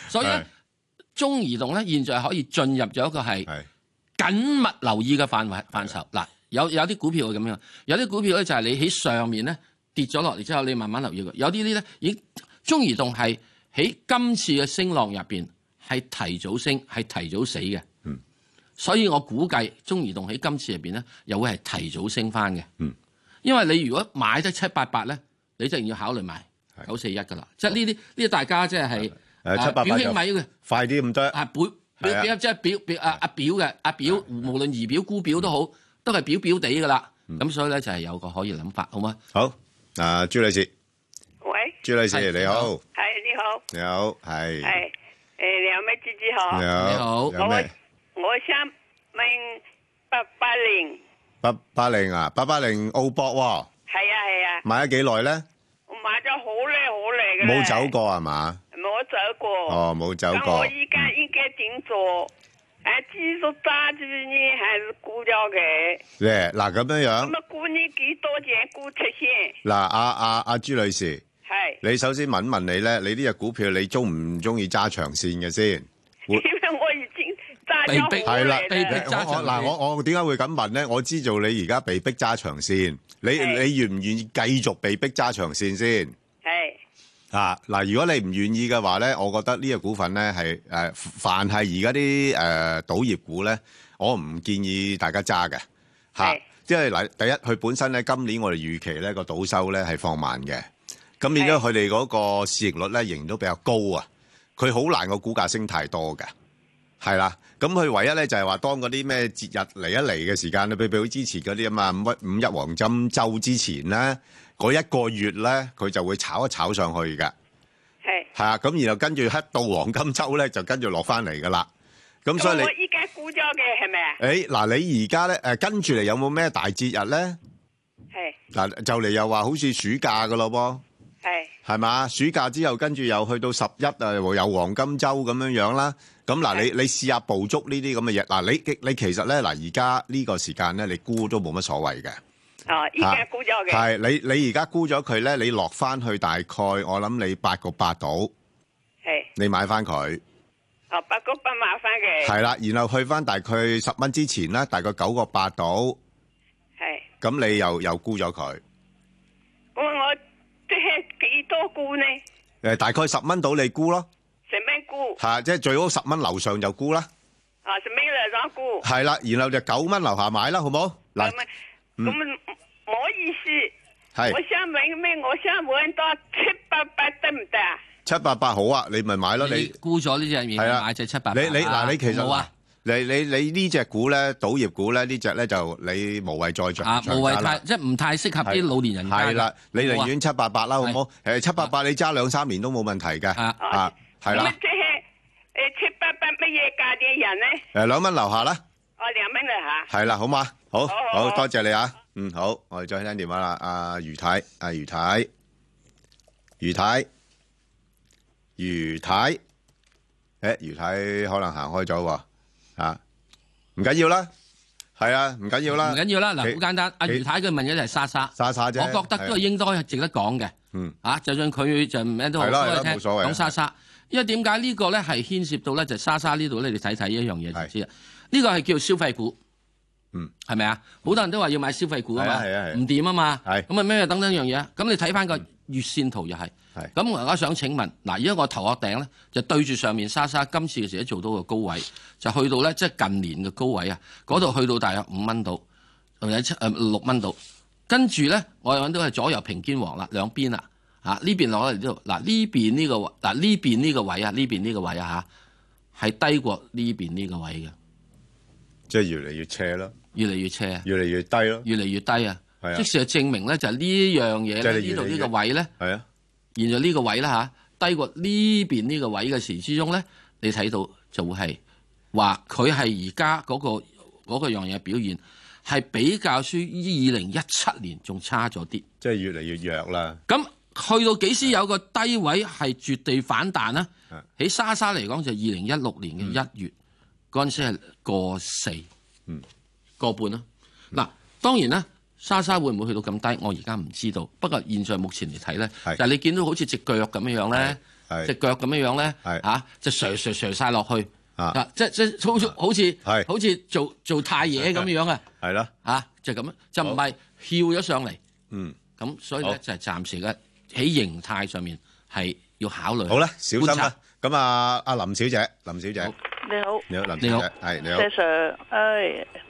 所以、啊、中移動咧，現在可以進入咗一個係緊密留意嘅範圍、啊、範疇。嗱、啊，有有啲股票係咁樣，有啲股票咧就係你喺上面咧跌咗落嚟之後，你慢慢留意佢。有啲啲咧，以中移動係喺今次嘅升浪入邊。係提早升，係提早死嘅。嗯，所以我估計中移動喺今次入邊咧，又會係提早升翻嘅。嗯，因為你如果買得七八八咧，你就要考慮埋九四一噶啦。即係呢啲呢，大家即係表兄表妹嘅，快啲唔得。啊，表表即係表表阿阿表嘅阿表，表啊、表無論姨表姑表都好，都係表表地噶啦。咁所以咧就係有個可以諗法，好嘛？好，啊朱女士，喂，朱女士你好，係你好，你好係。誒，你好咩，姐姐好。你好，我我想問八八零，八八零啊，八八零澳博喎，係啊係啊，買咗幾耐咧？我買咗好耐好耐嘅，冇走過係嘛？冇走過，哦冇走過。我依家依家應該點做？誒、yeah，，繼續揸住呢，係過咗嘅？嗱，噉樣樣？咁啊，過年幾多錢過七千。嗱、啊，阿阿阿朱女士。你首先問問你咧，你呢隻股票你中唔中意揸長線嘅先？點解我已經揸咗好多係啦，嗱，我我點解會咁問咧？我知道你而家被逼揸長線，你你願唔願意繼續被逼揸長線先？係嗱，如果你唔願意嘅話咧，我覺得呢隻股份咧係凡係而家啲誒賭業股咧，我唔建議大家揸嘅吓，即係，嗱第一，佢本身咧今年我哋預期咧個賭收咧係放慢嘅。咁變咗佢哋嗰個市盈率咧，仍然都比較高啊！佢好難個股價升太多㗎，係啦。咁佢唯一咧就係話，當嗰啲咩節日嚟一嚟嘅時間，你譬如好似之前嗰啲啊嘛，五五一黃金周之前咧，嗰一個月咧，佢就會炒一炒上去㗎。係係啊，咁然後跟住一到黃金周咧，就跟住落翻嚟㗎啦。咁所以你，我依家估咗嘅係咪啊？嗱、哎，你而家咧跟住嚟有冇咩大節日咧？係嗱，就嚟又話好似暑假㗎咯噃。係，係嘛？暑假之後跟住又去到十一啊，又有黃金周咁樣樣啦。咁嗱，你你試下捕捉呢啲咁嘅嘢。嗱，你你其實咧嗱，而家呢個時間咧，你沽都冇乜所謂嘅。哦，依家沽咗嘅。係你你而家沽咗佢咧，你落翻去大概我諗你八個八度，係。你買翻佢。哦，八個八買返嘅。係啦，然後去翻大概十蚊之前啦，大概九個八度。係。咁你又又沽咗佢。估呢？誒，大概十蚊到你估咯。成咩估？係即係最好十蚊樓上就估啦。啊，成咩嚟？攞估？係啦，然後就九蚊樓下買啦，好冇？嗱。咁唔好意思，係我想問咩？我想買多七八八得唔得啊？七八八好啊，你咪買咯，你估咗呢隻面，係啦，買隻七八。你你嗱，你其實。你你你呢隻股咧，賭業股咧，呢隻咧就你無謂再著。啊，無謂太即係唔太適合啲老年人。係啦，你寧願七百八啦，好唔好？誒，七百八你揸兩三年都冇問題嘅。啊，係啦。咁啊，即係誒七百八乜嘢價嘅人咧？誒，兩蚊樓下啦。哦，兩蚊啦吓。係啦，好嘛，好，好多謝你啊。嗯，好，我哋再聽電話啦。阿余太，阿余太，余太，余太，誒，余太可能行開咗。吓，唔緊要啦，係啊，唔緊要啦，唔緊、啊、要啦。嗱、嗯，好簡單，阿余、啊、太佢問嘅就係莎莎，莎莎，我覺得都係應該係、啊、值得講嘅。嗯，啊，就算佢就唔係都好多人講莎莎，因為點解呢個咧係牽涉到咧就莎、是、莎呢度咧，你睇睇一樣嘢就知啦。呢、啊、這個係叫消費股，嗯，係咪啊？好多人都話要買消費股啊嘛，啊，係啊嘛，唔掂啊嘛，係咁啊咩等等一樣嘢。咁、啊、你睇翻個月線圖又、就、係、是。咁我而家想請問，嗱，而家我頭殼頂咧就對住上面沙沙，今次嘅時候做到個高位，就去到咧即係近年嘅高位啊，嗰度去到大約五蚊度，或者七誒六蚊度。跟住咧我又揾到係左右平肩王啦，兩邊啦嚇，呢、啊、邊攞嚟呢度，嗱、啊、呢邊呢、呢個嗱呢、啊、邊呢個位啊，呢邊呢個位啊嚇係低過呢邊呢個位嘅，即係越嚟越斜咯，越嚟越斜，越嚟越低咯，越嚟越低啊，即係證明咧就呢樣嘢呢度呢個位咧，係啊。現在呢個位啦嚇，低過呢邊呢個位嘅時之中咧，你睇到就會係話佢係而家嗰個嗰、嗰個、樣嘢表現係比較於二零一七年仲差咗啲，即係越嚟越弱啦。咁去到幾時有個低位係絕地反彈咧？喺莎莎嚟講就二零一六年嘅一月嗰陣、嗯、時係過四個半啦。嗱、嗯啊、當然啦。莎莎會唔會去到咁低？我而家唔知道。不過現在目前嚟睇咧，就係、你見到好似隻腳咁樣樣呢，咧，隻腳咁樣樣呢，咧，嚇、啊，就削削削晒落去，啊，即即好似、啊、好似好似做做太爺咁樣嘅、啊，就咁，就唔係翹咗上嚟。嗯，咁所以咧就係、係、暫時嘅喺形態上面係要考慮。好啦，小心啦。咁啊，阿林小姐，林小姐。你好，你好林小姐，係你好，Sir，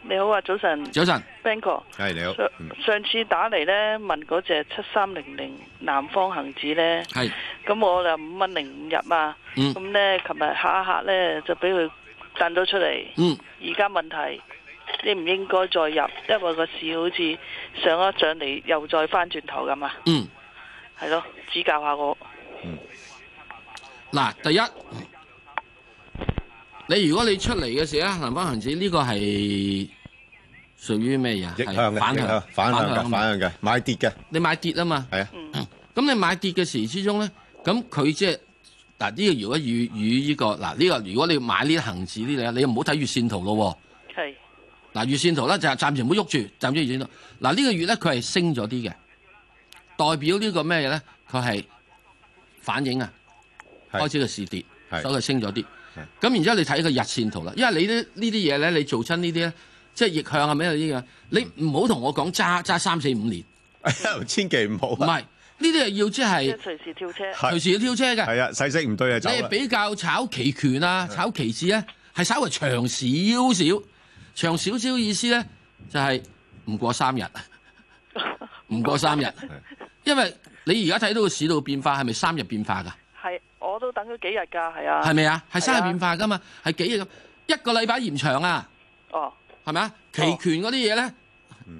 你好啊、哎，早晨，早晨 Ben 哥，係你好。上，上次打嚟呢問嗰隻七三零零南方恒指呢，係，咁我就五蚊零五入啊。咁呢，琴日下一刻呢就俾佢賺咗出嚟，嗯，而家、嗯、問題應唔應該再入？因為個市好似上一上嚟又再返轉頭咁啊，嗯，係咯，指教下我。嗱、嗯，第一。你如果你出嚟嘅時咧，南方恒指呢個係屬於咩嘢啊？反向嘅、反向嘅、反向嘅，買跌嘅。你買跌啊嘛。係啊。咁、嗯、你買跌嘅時之中咧，咁佢即係嗱呢個如果與與呢個嗱呢、啊這個如果你買呢恒指呢啲咧，你又唔好睇月線圖咯喎、啊。係。嗱月線圖咧就係暫時唔好喐住，暫時月線圖。嗱、就、呢、是啊這個月咧佢係升咗啲嘅，代表這個什麼呢個咩嘢咧？佢係反映啊，開始個市跌，所以升咗啲。咁然之後你睇個日線圖啦，因為你啲呢啲嘢咧，你做親呢啲咧，即係逆向係咪呢樣？你唔好同我講揸揸三四五年， 千祈唔好。唔係呢啲係要、就是、即係隨時跳車，隨時要跳車嘅。係啊，勢色唔對啊。走。你係比較炒期權啊，炒期指啊，係稍微長少少，長少少意思咧就係唔過三日，唔過三日。 因為你而家睇到個市道變化係咪三日變化㗎？我都等咗幾日㗎，係啊，係咪啊？係生日變化㗎嘛，係、啊、幾日一個禮拜延長啊？哦，係咪、哦哦 哦、啊？期權嗰啲嘢咧，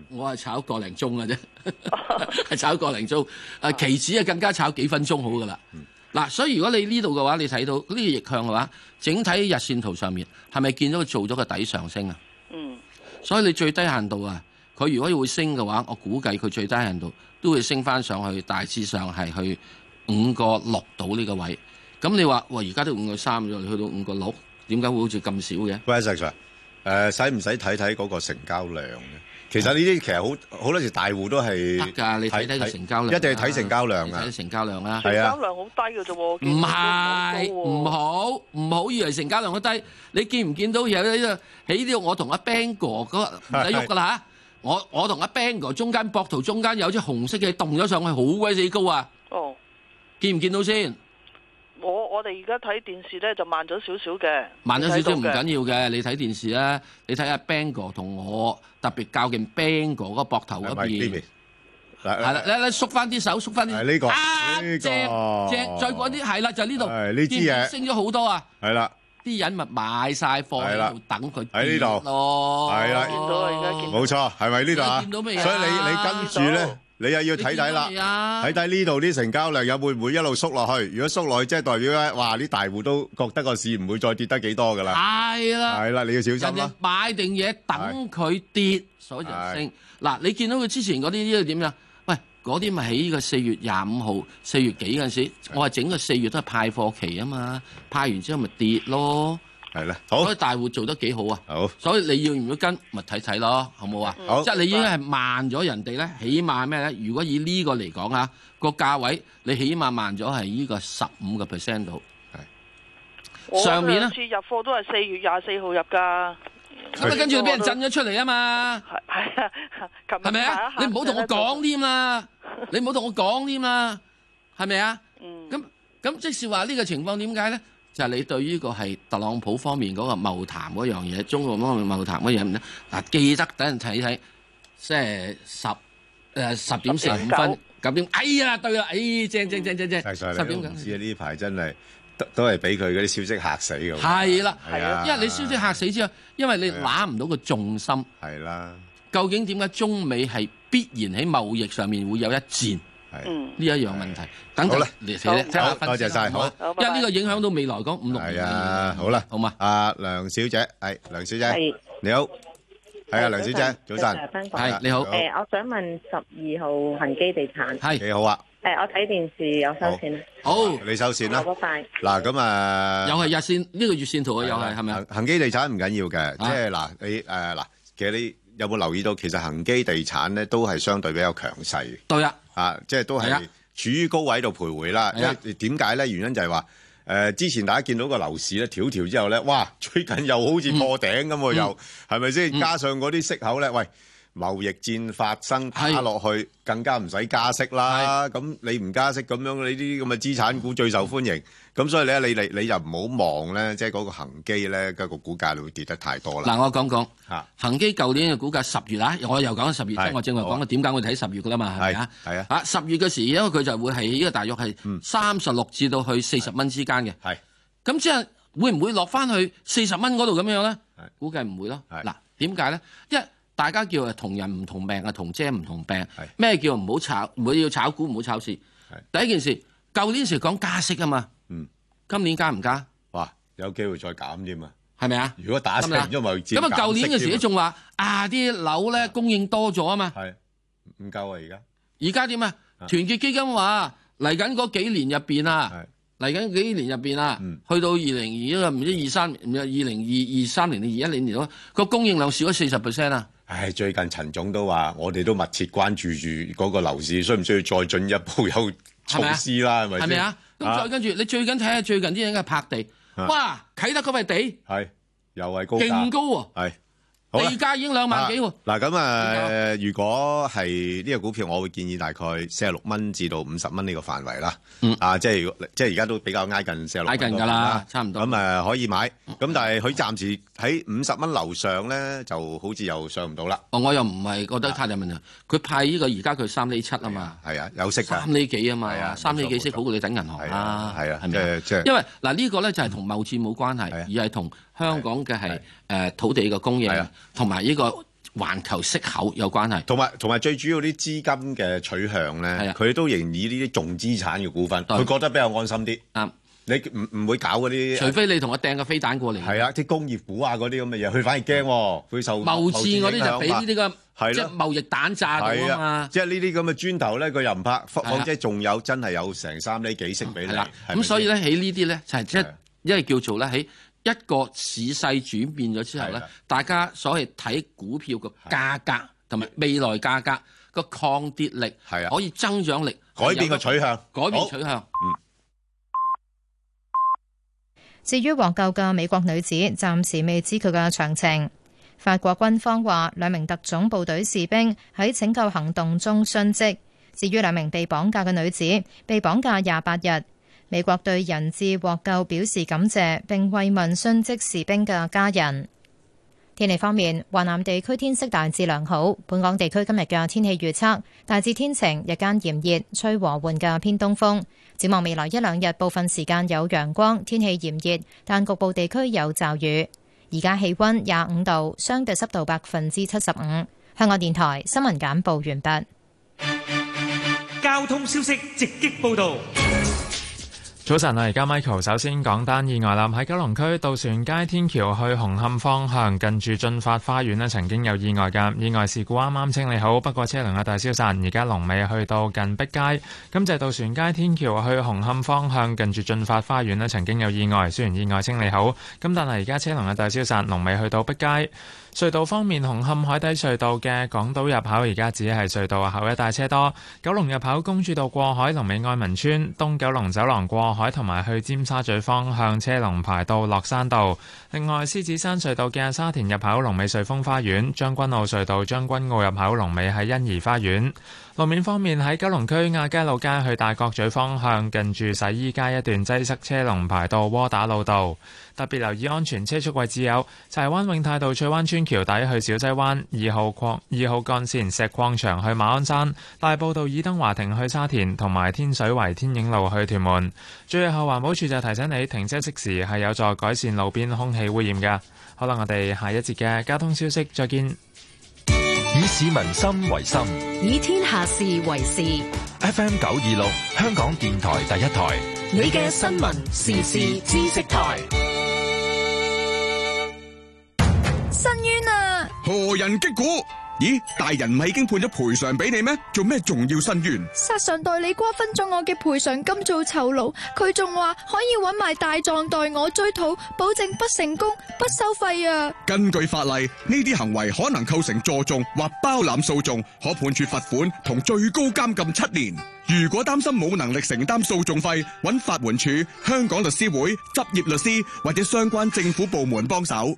我係炒個零鐘㗎啫，係炒個零鐘。誒，期指啊，更加炒幾分鐘好㗎啦。嗱、嗯啊，所以如果你呢度嘅話，你睇到呢個逆向嘅話，整體日線圖上面係咪見到佢做咗個底上升啊？嗯。所以你最低限度啊，佢如果要升嘅話，我估計佢最低限度都會升翻上去，大致上係去五個六到呢個位。咁你話哇，而家都五個三咗，去到五個六，點解會好似咁少嘅？喂，Sir，誒，使唔使睇睇嗰個成交量咧？其實呢啲其實好好多時大戶都係得㗎，你睇睇個成交量，一定要睇成交量啊！睇成交量啦，成交量好低㗎啫喎，唔係唔好，唔好以為成交量好低。你見唔見到有呢個喺呢度？我同阿 Bang 哥嗰唔使喐㗎啦嚇，我我同阿 Bang 哥中間膊頭中間有隻紅色嘅動咗上去，好鬼死高啊！哦，見唔見到先？我我哋而家睇電視咧就慢咗少少嘅，慢咗少少唔緊要嘅。你睇電視咧，你睇下 Ben 哥同我特別較勁 Ben 哥個膊頭嗰邊，係啦，縮翻啲手，縮翻啲，係呢個，呢個，再過啲，係啦，就呢度，啲嘢升咗好多啊，係啦，啲人咪買晒貨，等佢喺呢度咯，係啦，見到而家見到，冇錯，係咪呢度啊？見到咩？所以你你跟住咧。你又要睇睇啦，睇睇呢度啲成交量又會唔會一路縮落去？如果縮落去，即係代表咧，哇！啲大戶都覺得個市唔會再跌得幾多噶啦。係啦，係啦，你要小心啦。人哋買定嘢等佢跌，所以就升。嗱，你見到佢之前嗰啲呢度點樣？喂，嗰啲咪喺呢個四月廿五號、四月幾嗰陣時，我話整個四月都係派貨期啊嘛，派完之後咪跌咯。係啦，好。所以大戶做得幾好啊，好。所以你要唔要跟，咪睇睇咯，好唔好啊？好。即係你依家係慢咗人哋咧，起碼咩咧？如果以呢個嚟講啊，個價位你起碼慢咗係呢個十五個 percent 度，係。我上次入貨都係四月廿四號入噶，咁啊跟住俾人震咗出嚟啊嘛。係 啊，係咪啊？你唔好同我講添啊！你唔好同我講添啊！係咪啊？咁咁即是話呢個情況點解咧？就係、是、你對於個係特朗普方面嗰個貿談嗰樣嘢，中國方面貿談乜嘢唔咧？嗱，記得等人睇睇，即係十誒、呃、十點四十五分點，哎呀，對啦，哎呀，正正正正正，十點九。唔知啊，呢排真係都都係俾佢嗰啲消息嚇死咁。係啦，係啊，因為你消息嚇死之後，因為你揦唔到個重心。係啦、啊啊。究竟點解中美係必然喺貿易上面會有一戰？嗯，呢一樣問題，等佢嚟寫咧。好，多謝晒，好。因為呢個影響到未來講五六年。係啊，好啦，好嘛。阿梁小姐，係梁小姐，你好。係啊，梁小姐，早晨。你好。誒，我想問十二號恆基地產。係你好啊？誒，我睇電視有收線。好，你收線啦。嗱咁啊，又係日線呢個月線圖啊，又係係咪啊？恆基地產唔緊要嘅，即係嗱你誒嗱，其實你有冇留意到其實恆基地產咧都係相對比較強勢。對啊。啊，即係都係處於高位度徘徊啦。因為點解咧？原因就係、是、話，誒、呃、之前大家見到個樓市咧調調之後咧，哇！最近又好似破頂咁喎，嗯，又係咪先？加上嗰啲息口咧，嗯，喂。貿易戰發生打落去，更加唔使加息啦。咁你唔加息咁樣，你啲咁嘅資產股最受歡迎。咁所以你啊，你你你又唔好望咧，即係嗰個恆基咧，嗰個股價會跌得太多啦。嗱，我講講恆基舊年嘅股價，十月啊，我又講十月，我正話講嘅點解會睇十月㗎嘛，係咪啊？係啊，啊十月嘅時，因為佢就會係呢個大約係三十六至到去四十蚊之間嘅。係咁，即係會唔會落翻去四十蚊嗰度咁樣咧？係估計唔會咯。係嗱，點解咧？因大家叫啊，同人唔同命啊，同姐唔同病。咩叫唔好炒？唔會要炒股，唔好炒市。第一件事，舊年時講加息啊嘛。嗯。今年加唔加？哇！有機會再減添嘛、啊。係咪啊？如果打咗，因為咁啊！舊年嘅時仲話啊，啲、啊、樓咧供應多咗啊嘛。係。唔夠啊！而家。而家點啊？團結基金話嚟緊嗰幾年入邊啊，嚟緊幾年入邊啊、嗯，去到二零二一唔知二三二零二二三年二一年年咗，個供應量少咗四十 percent 啊！唉，最近陳總都話，我哋都密切關注住嗰個樓市，需唔需要再進一步有措施啦？係咪？係咪啊？咁再跟住，你最緊睇下最近啲嘢，拍地哇，啟德嗰塊地係又係高勁高喎，係地價已經兩萬幾喎。嗱咁啊，如果係呢個股票，我會建議大概四十六蚊至到五十蚊呢個範圍啦。嗯，啊，即係即係而家都比較挨近四十六挨近㗎啦，差唔多。咁啊可以買，咁但係佢暫時。喺五十蚊樓上咧，就好似又上唔到啦。哦，我又唔係覺得太大問題啊。佢派呢個而家佢三厘七啊嘛。係啊，有息嘅三厘幾啊嘛，三厘幾息好過你等銀行啦。係啊，係咪啊？因為嗱呢個咧就係同貿戰冇關係，是而係同香港嘅係誒土地嘅供應同埋呢個環球息口有關係。同埋同埋最主要啲資金嘅取向咧，佢都仍以呢啲重資產嘅股份，佢覺得比較安心啲。啱。你唔唔會搞嗰啲？除非你同我掟個飛彈過嚟。係啊，啲工業股啊嗰啲咁嘅嘢，佢反而驚，佢受。貿戰嗰啲就俾呢啲個即係貿易彈炸到啊嘛。即係呢啲咁嘅磚頭咧，佢又唔怕。況且仲有真係有成三釐幾息俾你。係啦。咁所以咧，喺呢啲咧，就係即係因為叫做咧，喺一個市勢轉變咗之後咧，大家所謂睇股票個價格同埋未來價格個抗跌力係啊，可以增長力改變個取向，改變取向。嗯。至於獲救嘅美國女子，暫時未知佢嘅詳情。法國軍方話，兩名特種部隊士兵喺拯救行動中殉職。至於兩名被綁架嘅女子，被綁架廿八日。美國對人質獲救表示感謝，並慰問殉職士兵嘅家人。天氣方面，華南地區天色大致良好。本港地區今日嘅天氣預測大致天晴，日間炎熱，吹和緩嘅偏東風。展望未來一兩日，部分時間有陽光，天氣炎熱，但局部地區有驟雨。而家氣温廿五度，相對濕度百分之七十五。香港電台新聞簡報完畢。交通消息直擊報道。早晨啊！而家 Michael 首先講單意外啦，喺九龍區渡船街天橋去紅磡方向近住駿發花園呢曾經有意外嘅。意外事故啱啱清理好，不過車的龍啊大消散。而家龍尾去到近碧街。咁就係渡船街天橋去紅磡方向近住駿發花園呢曾經有意外，雖然意外清理好，咁但係而家車龍啊大消散，龍尾去到碧街。隧道方面，紅磡海底隧道嘅港島入口而家只係隧道口一帶車多；九龍入口公主道過海龍尾愛民村東九龍走廊過海同埋去尖沙咀方向車龍排到落山道。另外，獅子山隧道嘅沙田入口龍尾瑞峰花園，將軍澳隧道將軍澳入口龍尾喺欣怡花園。路面方面喺九龍區亞皆老街去大角咀方向，近住洗衣街一段擠塞車龍排到窩打老道。特別留意安全車速位置有柴灣永泰道翠灣村橋底去小西灣，二號礦二號幹綫石礦場去馬鞍山，大埔道爾登華庭去沙田，同埋天水圍天影路去屯門。最後，環保署就提醒你停車熄匙係有助改善路邊空氣污染嘅。好啦，我哋下一節嘅交通消息再見。市民心為心，以天下事為事。FM 九二六，香港電台第一台，你嘅新聞時事知識台。伸冤啊！何人擊鼓？咦，大人唔係已經判咗賠償俾你咩？做咩仲要伸冤？殺上代理瓜分咗我嘅賠償金做酬勞，佢仲話可以搵埋大狀代我追討，保證不成功不收費啊！根據法例，呢啲行為可能構成助訟或包攬訴訟，可判處罰款同最高監禁七年。如果擔心冇能力承擔訴訟費，搵法援處、香港律師會、執業律師或者相關政府部門幫手。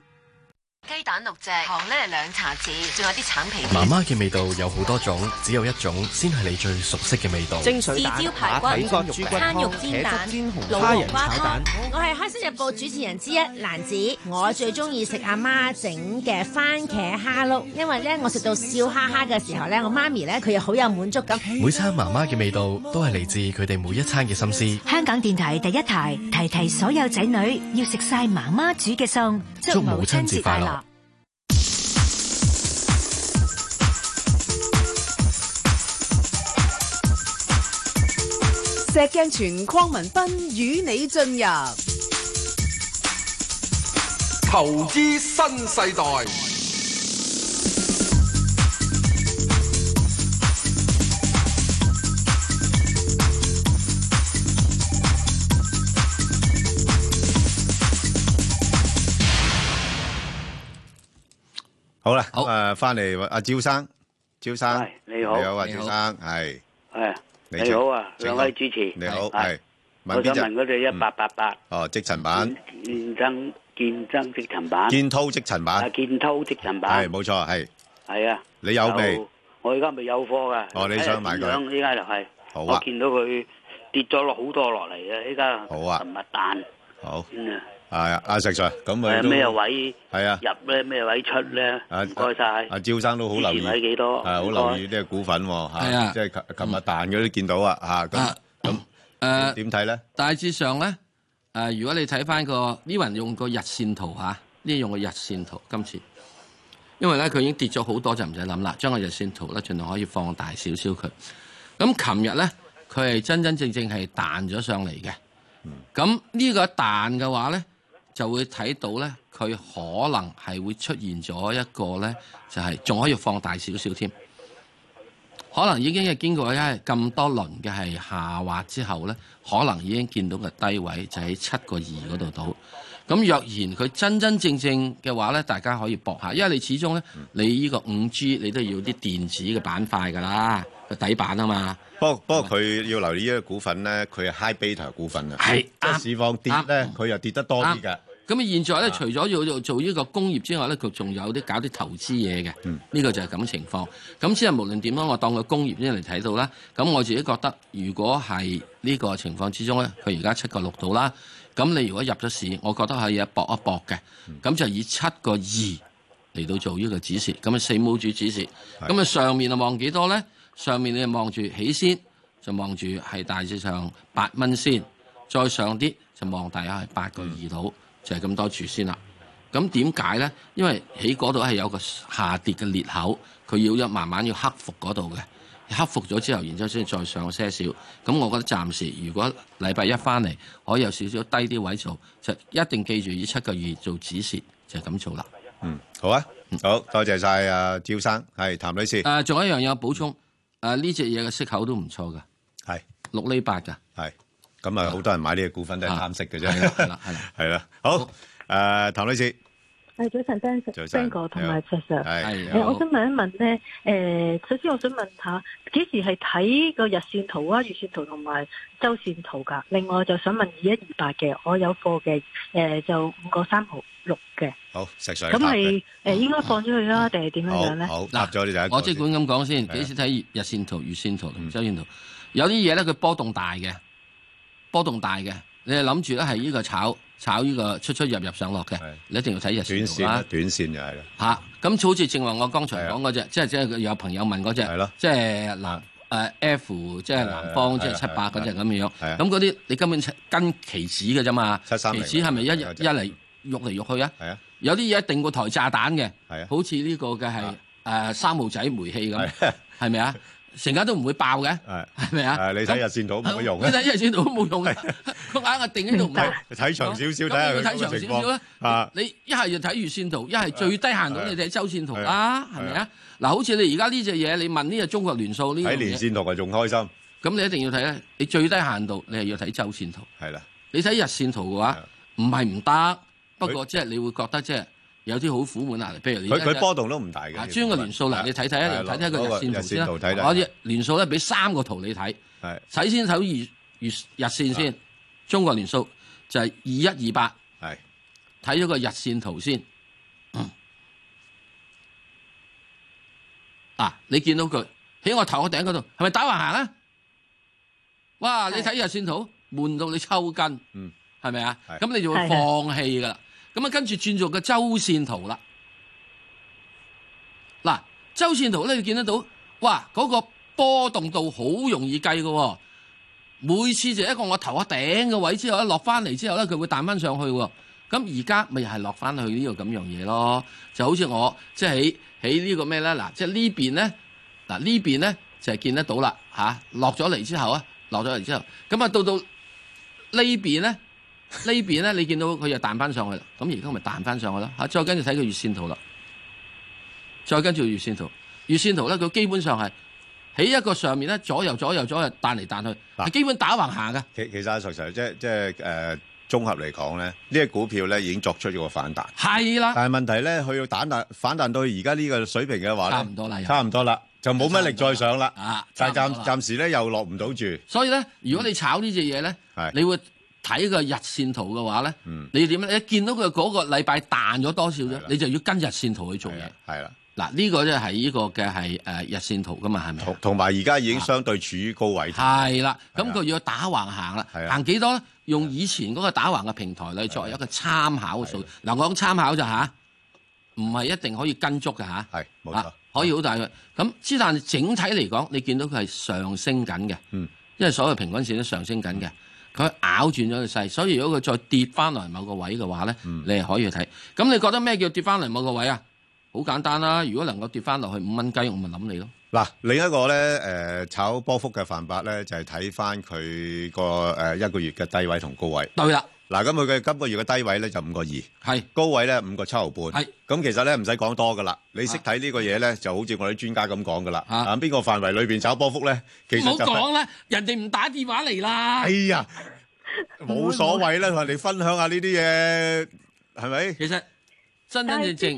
雞蛋六隻，糖咧兩茶匙，仲有啲橙皮。媽媽嘅味道有好多種，只有一種先係你最熟悉嘅味道。蒸水蛋、排骨、骨肉骨、番茄肉煎蛋、煎煎老黃瓜湯。我係《開心日報》主持人之一蘭子，我最中意食阿媽整嘅番茄蝦碌，因為咧我食到笑哈哈嘅時候咧，我媽咪咧佢又好有滿足感。每餐媽媽嘅味道都係嚟自佢哋每一餐嘅心思。香港電台第一台提提所有仔女要食晒媽媽煮嘅餸，祝母親節快樂！石鏡泉鄺民彬與你進入投資新世代。好啦，好誒，翻、呃、嚟阿招生，招生，你好，你好啊，招生，係係。你，你好啊，兩位主持，你好係，我想問嗰隻一八八八哦，積層板，建增建增積層板，建滔積層板，啊建滔積層板，係冇錯係，係啊，你有未？我而家咪有貨噶，哦你想買佢？想依家就係，好、啊、我見到佢跌咗落好多落嚟啊，依家好啊，唔彈，好。嗯係啊，阿石 Sir，咁啊，咩位係啊？入咧咩位出咧？唔該晒，阿趙生都好留意，前位幾多？係好留意呢個股份，吓，即係琴日彈嗰啲見到啊，吓咁咁。誒，點睇咧？大致上咧，誒，如果你睇翻個呢輪用個日線圖吓，呢用個日線圖，今次因為咧佢已經跌咗好多，就唔使諗啦。將個日線圖咧盡量可以放大少少佢。咁琴日咧，佢係真真正正係彈咗上嚟嘅。咁呢個彈嘅話咧？就會睇到呢，佢可能係會出現咗一個呢、就係，就係仲可以放大少少添。可能已經係經過一咁多輪嘅係下滑之後呢，可能已經見到個低位就喺七個二嗰度到。咁若然佢真真正正嘅話咧，大家可以搏下，因為你始終咧、嗯，你呢個五 G 你都要啲電子嘅板塊噶啦，底板啊嘛。不過不過佢要留意呢個股份咧，佢係 high beta 股份即啊。係市況跌咧，佢又跌得多啲㗎。咁啊，啊啊現在咧除咗要做呢個工業之外咧，佢仲有啲搞啲投資嘢嘅。呢、嗯這個就係咁情況。咁先係無論點樣，我當佢工業先嚟睇到啦。咁我自己覺得，如果係呢個情況之中咧，佢而家七個六度啦。咁你如果入咗市，我覺得係要搏一搏嘅，咁、嗯、就以七個二嚟到做呢個指示，咁啊四毛主指示，咁啊上面啊望幾多咧？上面你望住起先就望住係大致上八蚊先，再上啲就望大約係八個二到，嗯、就係咁多處先啦。咁點解咧？因為起嗰度係有個下跌嘅裂口，佢要一慢慢要克服嗰度嘅。克服咗之後，然之後先再上些少。咁我覺得暫時，如果禮拜一翻嚟，可以有少少低啲位置做，就一定記住以七個月做止蝕，就係咁做啦。嗯，好啊，嗯、好多謝晒啊，趙生係譚女士。誒，仲有一樣嘢補充，誒呢隻嘢嘅息口都唔錯㗎，係六釐八㗎。係，咁啊，好多人買呢隻股份都係貪息嘅啫。係啦，係啦，好誒，譚女士。啊 係早晨，張生，早晨同埋石 Sir，係，好。我想問一問咧，誒，首先我想問一下，幾時係睇個日線圖啊、月線圖同埋周線圖噶？另外，就想問二一二八嘅，我有貨嘅，誒，就五個三毫六嘅。好石 Sir，咁你誒應該放咗佢啦，定係點樣樣咧？好，立咗呢就我即管咁講先，幾時睇日線圖、月線圖、周線圖？有啲嘢咧，佢波動大嘅，波動大嘅，你係諗住咧係呢個炒。炒呢、這個出出入入，入上落嘅，你一定要睇日線啊！短線就係、是、啦。嚇！咁好似正話我剛才講嗰隻，即係即係有朋友問嗰隻，即係南誒 F，即係南方，即係七八嗰隻咁樣。咁嗰啲你根本跟期指嘅啫嘛。期指係咪一一嚟喐嚟喐去啊？有啲一定過台炸彈嘅，好似呢個嘅係誒三號仔煤氣咁，係咪啊？ 成家都唔會爆嘅，係咪啊？你睇日線圖冇用嘅、嗯嗯。你睇日線圖都冇用嘅，個眼啊定喺度唔睇 長少少睇長少少啦。你一係、啊、要睇月線圖，一係最低限度你睇周線圖啦，係咪啊？嗱、啊啊啊啊啊，好似你而家呢隻嘢，你問呢個中國聯數呢樣嘢睇連線圖係仲開心。咁你一定要睇咧，你最低限度你係要睇周線圖。係啦、啊，你睇日線圖嘅話，唔係唔得，不過即係你會覺得即係。有啲好苦悶啊！譬如佢佢波動都唔大嘅。專個年數嗱，你睇睇啊，睇睇、個日線圖先啦。我日年數咧，俾三個圖你睇。睇先手月月日線先，中國年數就係二一二八。係睇咗個日線圖先啊！你見到佢喺我頭嘅頂嗰度，係咪打橫行啊？哇！你睇日線圖悶到你抽筋，嗯，係咪啊？咁你就會放棄噶喇。咁啊，跟住轉做個周線圖啦。嗱，周線圖咧，你見得到哇？嗰個波動度好容易計嘅喎，每次就一個我頭啊頂嘅位之後，落翻嚟之後咧，佢會彈翻上去喎。咁而家咪係落翻去呢個咁樣嘢咯。就好似我即係喺呢個咩咧？嗱，即係呢邊咧，嗱呢邊咧就係見得到啦吓。落咗嚟之後啊，落咗嚟之後，咁啊到到呢邊咧。邊呢邊咧，你見到佢又彈翻上去啦，咁而家咪彈翻上去啦。吓，再跟住睇佢月線圖啦，再跟住月線圖，月線圖咧，佢基本上係喺一個上面咧，左右左右左右彈嚟彈去，啊、基本打橫行㗎。其實其實阿 Sir，即係即係誒，綜、呃、合嚟講咧，呢個股票咧已經作出咗個反彈，係啦。但係問題咧，佢要反彈反彈到而家呢個水平嘅話，差唔多啦，差唔多啦，就冇乜力再上啦。啊，但係暫暫時咧又落唔到住。所以咧，如果你炒呢隻嘢咧，係、嗯、你會。睇個日線圖嘅話咧、嗯，你點咧？你見到佢嗰個禮拜彈咗多少啫？你就要跟日線圖去做嘢。係啦，嗱，呢、這個即係呢個嘅係日線圖噶嘛，係咪？同同埋而家已經相對處於高位。係啦，咁佢要打橫行啦，行幾多呢？用以前嗰個打橫嘅平台嚟作為一個參考嘅數。嗱，我講參考就吓？唔係一定可以跟足嘅吓，冇錯、啊、可以好大佢。咁，但整體嚟講，你見到佢係上升緊嘅、嗯，因為所有平均線都上升緊嘅。嗯佢咬住咗佢勢，所以如果佢再跌翻落嚟某個位嘅話咧，嗯、你係可以去睇。咁你覺得咩叫跌翻嚟某個位啊？好簡單啦、啊，如果能夠跌翻落去五蚊雞，我咪諗你咯。嗱，另一個咧、呃，炒波幅嘅範白咧，就係睇翻佢個一個月嘅低位同高位。對啦。嗱，咁佢嘅今個月嘅低位咧就五個二，係高位咧五個七毫半，係咁其實咧唔使講多噶啦，你識睇呢個嘢咧就好似我啲專家咁講噶啦吓，啊邊個範圍裏邊炒波幅咧？其實唔好講啦，人哋唔打電話嚟啦。哎呀，冇所謂啦，同你分享下呢啲嘢係咪？其實真真正正。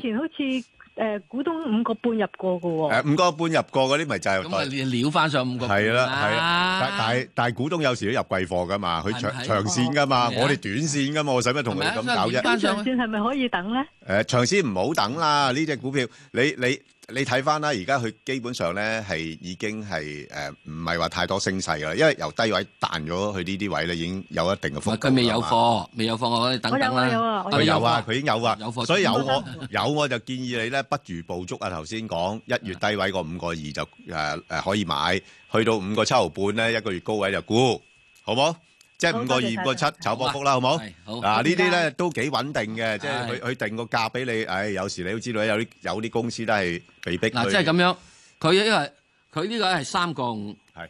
誒、呃，股東五個半入過嘅喎，誒，五個半入過嗰啲咪就係咁啊，撩、嗯、翻上五個係啦，係啊，但大股東有時都入貴貨噶嘛，佢長是是長線噶嘛，哦、嘛，我哋短、啊、線噶嘛，我使乜同佢咁搞啫？撩翻長線係咪可以等咧？誒、呃，長線唔好等啦，呢隻股票你你。你你睇翻啦，而家佢基本上咧係已經係誒，唔係話太多升勢噶啦，因為由低位彈咗去呢啲位咧，已經有一定嘅風格啦嘛。佢未有貨，未有貨，我等等啦。我有啊，有啊，佢有啊，佢已經有啊。有貨，所以有我有我就建議你咧，不如捕捉啊！頭先講一月低位個五個二就誒誒可以買，去到五個七毫半咧，一個月高位就沽，好冇？即係五個二個七炒波幅啦，好冇？嗱呢啲咧都幾穩定嘅，即係佢佢定個價俾你。唉，有時你都知道有啲有啲公司都係被逼。嗱，即係咁樣，佢因為佢呢個係三個五，係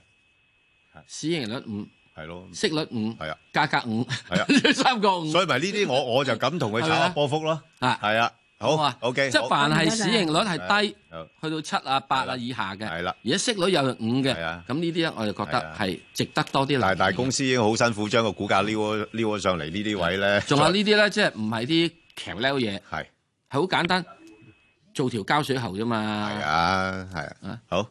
市盈率五，係咯，息率五，係啊，價格五，係啊，三個五。所以咪呢啲我我就咁同佢炒下波幅咯，係啊。好啊，O K，即係凡係市盈率係低，去到七啊八啊以下嘅，係啦，而家息率又係五嘅，咁呢啲咧，我就覺得係值得多啲留意。但係大公司已經好辛苦，將個股價撩咗、撩咗上嚟呢啲位咧。仲有呢啲咧，即係唔係啲強拗嘢，係，係好簡單，做條膠水喉啫嘛。係啊，係，好，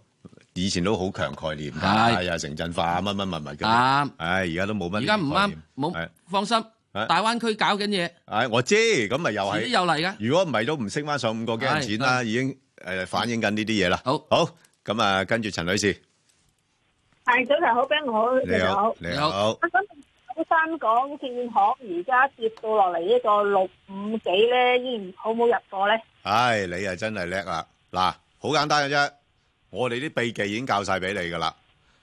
以前都好強概念，係啊，城鎮化乜乜乜乜嘅，啱。唉，而家都冇乜，而家唔啱，冇，放心。大灣區搞緊嘢，係我知，咁咪又係，自己又嚟噶。如果唔係都唔升翻上五個幾錢啦，已經誒反映緊呢啲嘢啦。好，好，咁啊跟住陳女士，係早晨好，Ben 好你好，你好。咁三港建行而家跌到落嚟一個六五幾咧，依然好冇入貨咧？唉，你啊真係叻啊！嗱，好簡單嘅啫，我哋啲秘技已經教晒俾你噶啦。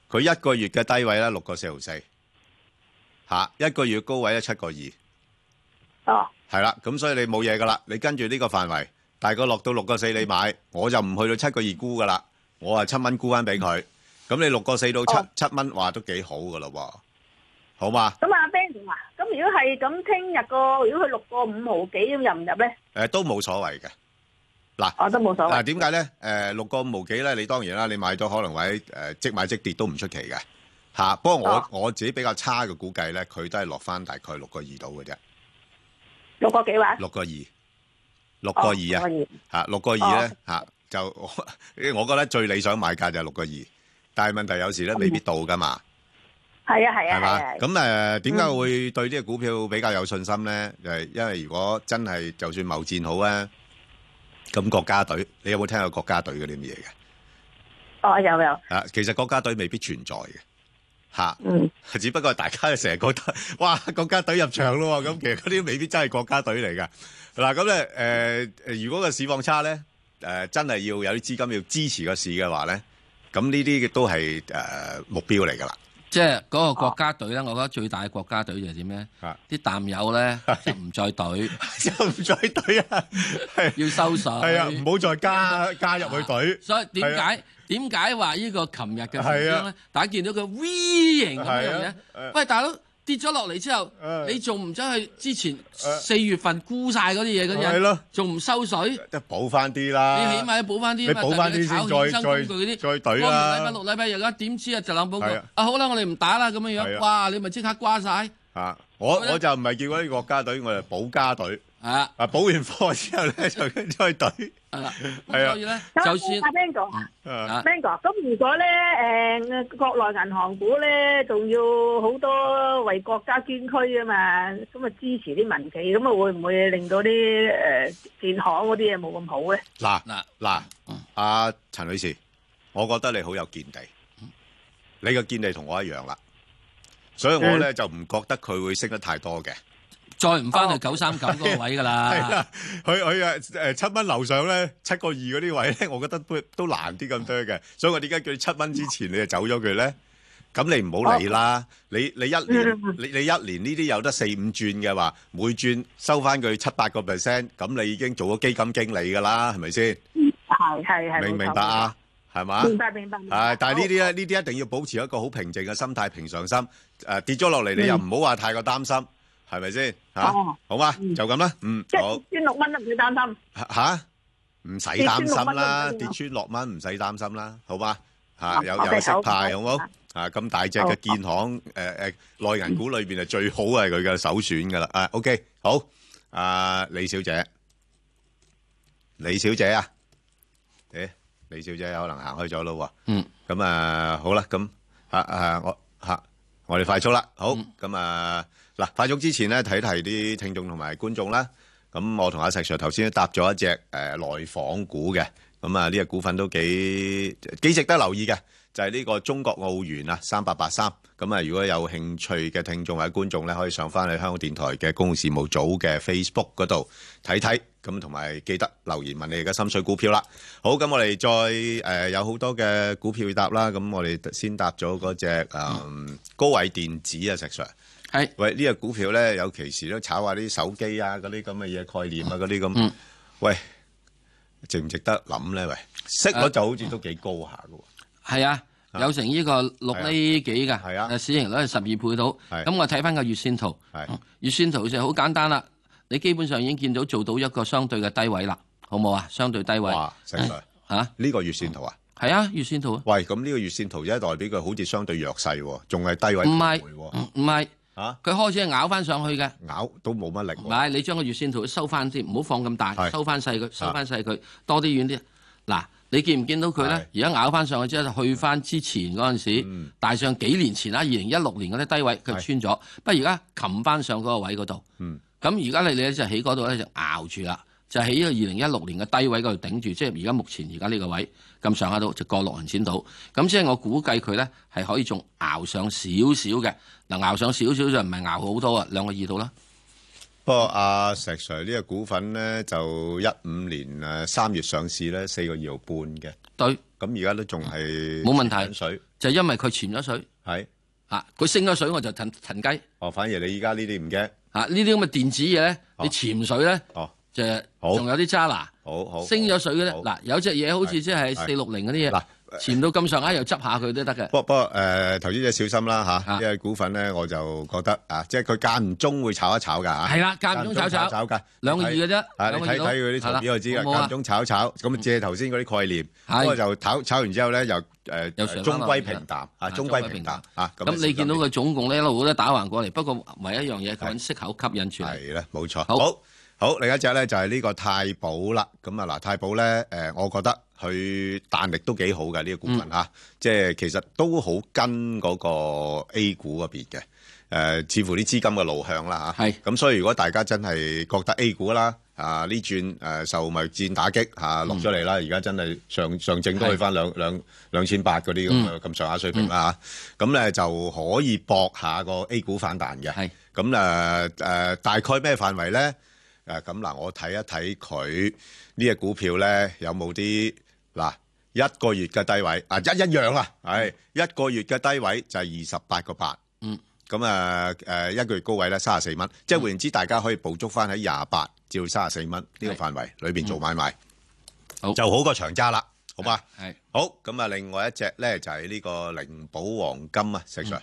佢一個月嘅低位咧，六個四毫四。啊，一個月高位咧七個二，哦，係啦，咁所以你冇嘢噶啦，你跟住呢個範圍，大概落到六個四你買，我就唔去到七個二沽噶啦，我係七蚊沽翻俾佢。咁你六個四到七七蚊，話，都幾好噶咯喎，好嘛？咁阿 Ben 話，咁如果係咁，聽日個如果佢六個五毫幾，咁入唔入咧？誒，都冇所謂嘅，嗱，我都冇所謂。嗱，點解咧？誒，六個五毫幾咧，你當然啦，你買咗可能喺誒即買即跌都唔出奇嘅。吓、啊，不過我、哦、我自己比較差嘅估計咧，佢都係落翻大概六個二度嘅啫，六個幾話？六個二，六個二啊，吓、哦、六個二咧，吓、哦啊、就 我覺得最理想買價就六個二，但係問題有時咧未必到噶嘛，係啊係啊，係嘛、啊，咁誒點解會對呢隻股票比較有信心咧、嗯？就係、是、因為如果真係就算貿易戰好咧，咁國家隊，你有冇聽過國家隊嗰啲嘢嘅？哦有有，啊其實國家隊未必存在嘅。吓，只不過大家咧成日覺得，哇，國家隊入場咯喎，咁其實嗰啲未必真係國家隊嚟噶。嗱咁咧，誒，如果個市況差咧，誒真係要有啲資金要支持個市嘅話咧，咁呢啲嘅都係誒目標嚟㗎啦。即係嗰個國家隊咧，我覺得最大嘅國家隊就係點咧？啲淡友咧就唔再隊，就唔再隊啊！係要收手，係啊，唔好再加加入去隊。所以點解？點解話呢個琴日嘅上升咧？大家見到佢 V 型咁樣嘅，喂大佬跌咗落嚟之後，你仲唔走去之前四月份沽晒嗰啲嘢嗰日？係咯，仲唔收水？即係補翻啲啦！你起碼要補翻啲嘛？你補翻啲先再再再懟啦！禮拜六禮拜日啦，點知啊就諗補個啊好啦，我哋唔打啦咁樣樣，哇你咪即刻瓜晒啊！我我就唔係叫嗰啲國家隊，我係補家隊。係啦，啊補完課之後咧就再懟，係啊，所以咧就算。阿 Mango，Mango，咁如果咧誒國內銀行股咧，仲要好多為國家捐軀啊嘛，咁啊支持啲民企，咁啊會唔會令到啲誒建行嗰啲嘢冇咁好咧？嗱嗱嗱，阿陳女士，我覺得你好有見地，你嘅見地同我一樣啦，所以我咧就唔覺得佢會升得太多嘅。再唔翻去九三九嗰個位噶啦，佢佢啊誒七蚊樓上咧七個二嗰啲位咧，我覺得都都難啲咁多嘅，所以我點解叫七蚊之前你就走咗佢咧，咁你唔好理啦，你你一年你你一年呢啲有得四五轉嘅話，每轉收翻佢七八個 percent，咁你已經做咗基金經理噶啦，係咪先？係係係明唔明白啊？係嘛？明白明白。啊！但係呢啲咧，呢啲一定要保持一個好平靜嘅心態，平常心。誒，跌咗落嚟你又唔好話太過擔心。係咪先吓？好嘛，就咁啦，嗯，好，跌穿六蚊都唔使擔心吓，唔使擔心啦，跌穿六蚊唔使擔心啦，好嘛吓？有有識派好唔好吓？咁大隻嘅建行，誒誒，內銀股裏邊係最好係佢嘅首選噶啦。誒，OK，好，阿李小姐，李小姐啊，誒，李小姐可能行開咗咯。嗯，咁啊，好啦，咁啊啊，我吓我哋快速啦，好咁啊。嗱，快咗之前咧，睇睇啲聽眾同埋觀眾啦。咁我同阿石 Sir 頭先答咗一隻誒內房股嘅，咁啊呢隻股份都幾幾值得留意嘅，就係呢個中國奧園啊，三八八三。咁啊，如果有興趣嘅聽眾或者觀眾咧，可以上翻去香港電台嘅公共事務組嘅 Facebook 嗰度睇睇。咁同埋記得留言問你嘅心水股票啦。好，咁我哋再誒有好多嘅股票要答啦。咁我哋先答咗嗰隻誒高偉電子啊，石 Sir。係喂，呢、這個股票咧有其時都炒下啲手機啊，嗰啲咁嘅嘢概念啊，嗰啲咁。喂，值唔值得諗咧？喂，息率就好似都幾高下嘅。係啊、嗯、啊，啊，有成呢個六厘幾噶。係啊，啊，市盈率係十二倍到。係，咁我睇翻個月線圖。係、嗯，月線圖就好簡單啦、嗯。你基本上已經見到做到一個相對嘅低位啦，好冇啊？相對低位。哇，吓，呢、啊這個月線圖啊？係啊，月線圖、啊。喂，咁呢個月線圖即係代表佢好似相對弱勢，仲係低位。唔係，唔、嗯、係。啊！佢開始係咬翻上去嘅，咬都冇乜力。唔係你將個月線圖收翻先，唔好放咁大，收翻細佢，收翻細佢，多啲遠啲。嗱、啊，你見唔見到佢咧？而家咬翻上去之後，就去翻之前嗰陣時，嗯、大上幾年前啦，二零一六年嗰啲低位，佢穿咗。不過而家擒翻上嗰個位嗰度，咁而家你呢就喺嗰度咧就咬住啦。就喺呢個二零一六年嘅低位嗰度頂住，即係而家目前而家呢個位咁上下度，就過六人錢到。咁即係我估計佢咧係可以仲熬上少少嘅。嗱，熬上少少就唔係熬好多啊，兩個二度啦。不過阿、啊、石 Sir 呢個股份咧就一五年誒三、啊、月上市咧，四個二毫半嘅。對。咁而家都仲係冇問題。水就係因為佢潛咗水。係。啊，佢升咗水我就騰騰雞。哦，反而你依家呢啲唔驚。吓、啊，呢啲咁嘅電子嘢咧，你潛水咧。哦。哦就係仲有啲渣拿好好，好升咗水嘅咧。嗱，有隻嘢好似即係四六零嗰啲嘢，嗱，潛到咁上下又執下佢都得嘅。不過不過誒，投資者小心啦嚇。啲、啊、嘅、啊這個、股份咧，我就覺得啊，即係佢間唔中會炒一炒㗎嚇。係、啊、啦，間唔中炒炒炒嘅兩個月嘅啫。你睇睇佢啲投資我知間唔中炒一炒。咁借頭先嗰啲概念，不過就炒炒完之後咧、呃，又誒中歸平淡啊，中歸平淡嚇。咁你見到佢總共咧一路都打橫過嚟，不過唯一一樣嘢佢啲息口吸引住嚟。係啦，冇錯。好。好，另一隻咧就係呢個太保啦，咁啊嗱，太保咧，誒，我覺得佢彈力都幾好嘅呢個股份嚇，即係其實都好跟嗰個 A 股嗰邊嘅，誒，似乎啲資金嘅路向啦嚇，咁所以如果大家真係覺得 A 股啦啊呢轉誒受貿易戰打擊嚇落咗嚟啦，而家真係上上證都去翻兩兩兩千八嗰啲咁嘅咁上下水平啦嚇，咁咧就可以搏下個 A 股反彈嘅，咁誒誒大概咩範圍咧？誒，咁嗱，我睇一睇佢呢隻股票咧，有冇啲嗱，一個月嘅低位啊，一一樣啊？係一個月嘅低位就係二十八個八，嗯，咁啊，誒一個月高位咧三十四蚊，即係換言之，大家可以捕捉翻喺廿八至到三十四蚊呢個範圍裏邊做買賣，就好過長揸啦，好嘛？係好，咁啊，另外一隻咧就係呢個靈寶黃金啊，石 sir，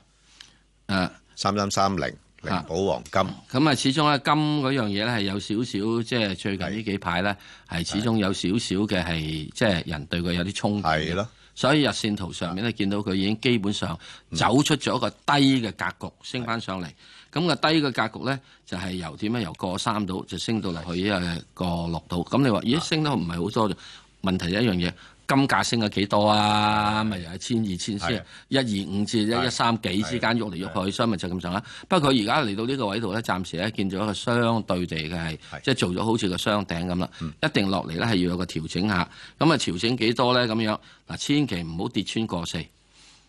誒，三三三零。啊！保黃金咁啊，始終咧金嗰樣嘢咧係有少少，即係最近呢幾排咧係始終有少少嘅係即係人對佢有啲衝擊嘅，所以日線圖上面咧見到佢已經基本上走出咗一個低嘅格局升，升翻上嚟。咁、個低嘅格局咧就係、是、由點樣？由過三度就升到落去啊過六度。咁你話咦？升得唔係好多咋？問題有一樣嘢。金價升咗幾多啊？咪又係千二千先，一二五至一一三幾之間喐嚟喐去，所以咪就咁上啦。不過佢而家嚟到呢個位度咧，暫時咧見咗個相對地嘅係，即係做咗好似個雙頂咁啦。一定落嚟咧係要有個調整一下，咁啊調整幾多咧咁樣嗱？千祈唔好跌穿過四。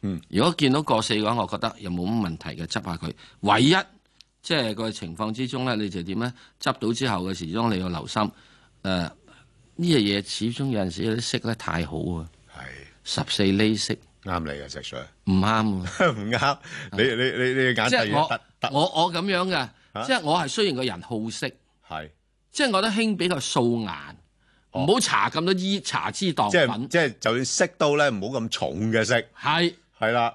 嗯，如果見到過四嘅話，我覺得又冇乜問題嘅，執下佢。唯一即係、就是、個情況之中咧，你就點咧？執到之後嘅時候你要留心，誒、呃。呢樣嘢始終有陣時有啲色咧太好啊！係十四厘色啱你， 你，你，你啊，色水，唔啱啊！唔啱，你你你你眼就係、我我咁樣嘅，即係我係雖然個人好色，係即係我覺得興比較素顏，唔好搽咁多伊茶之黨品。即係即係，就算色都咧，唔好咁重嘅色。係係啦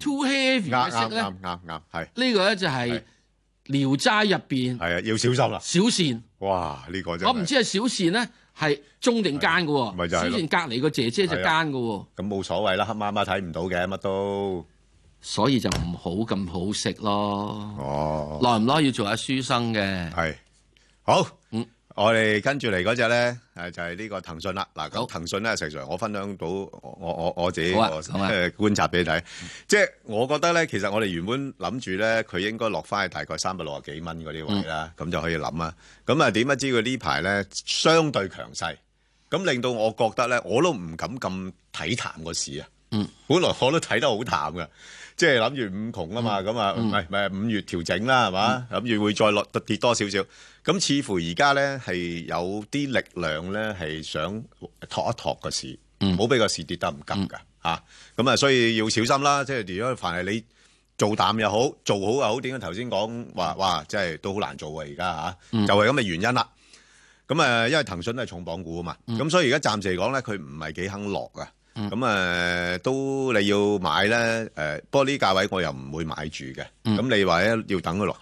，too heavy 嘅色咧，啱啱係。呢、嗯嗯嗯嗯嗯呢個咧就係《聊齋》入邊。係啊，要小心啦。小倩哇！呢個、呢個我唔知係小倩咧。.係中定奸噶？小倩隔籬個姐姐就奸噶。咁冇、啊、所謂啦，黑媽媽睇唔到嘅乜都，所以就唔好咁好食咯。哦，耐唔耐要做下書生嘅，係，好。我哋跟住嚟嗰隻咧，誒就係呢個騰訊啦。嗱，咁騰訊咧，石 Sir 我分享到我我我自己嘅觀察俾你睇。即係、啊啊就是、我覺得咧，其實我哋原本諗住咧，佢應該落翻去大概三百六十幾蚊嗰啲位啦，咁、嗯、就可以諗啊。咁啊點不知佢呢排咧相對強勢，咁令到我覺得咧，我都唔敢咁睇淡個市啊！本來我都睇得好淡嘅，即係諗住五窮啊嘛，咁、嗯、啊，唔係唔係五月調整啦，係、嗯、嘛，諗住會再落跌多少少，咁似乎而家咧係有啲力量咧係想托一托個市，唔好俾個市跌得唔急噶吓，咁、嗯、啊，所以要小心啦。即係如果凡係你做淡又好，做好又好，點解頭先講話哇，即係都好難做啊，而家吓，就係咁嘅原因啦。咁啊，因為騰訊都係重磅股啊嘛，咁、嗯、所以而家暫時嚟講咧，佢唔係幾肯落噶。咁、嗯、啊、嗯，都你要買咧？誒、呃，不過呢價位我又唔會買住嘅。咁、嗯、你話咧要等佢落，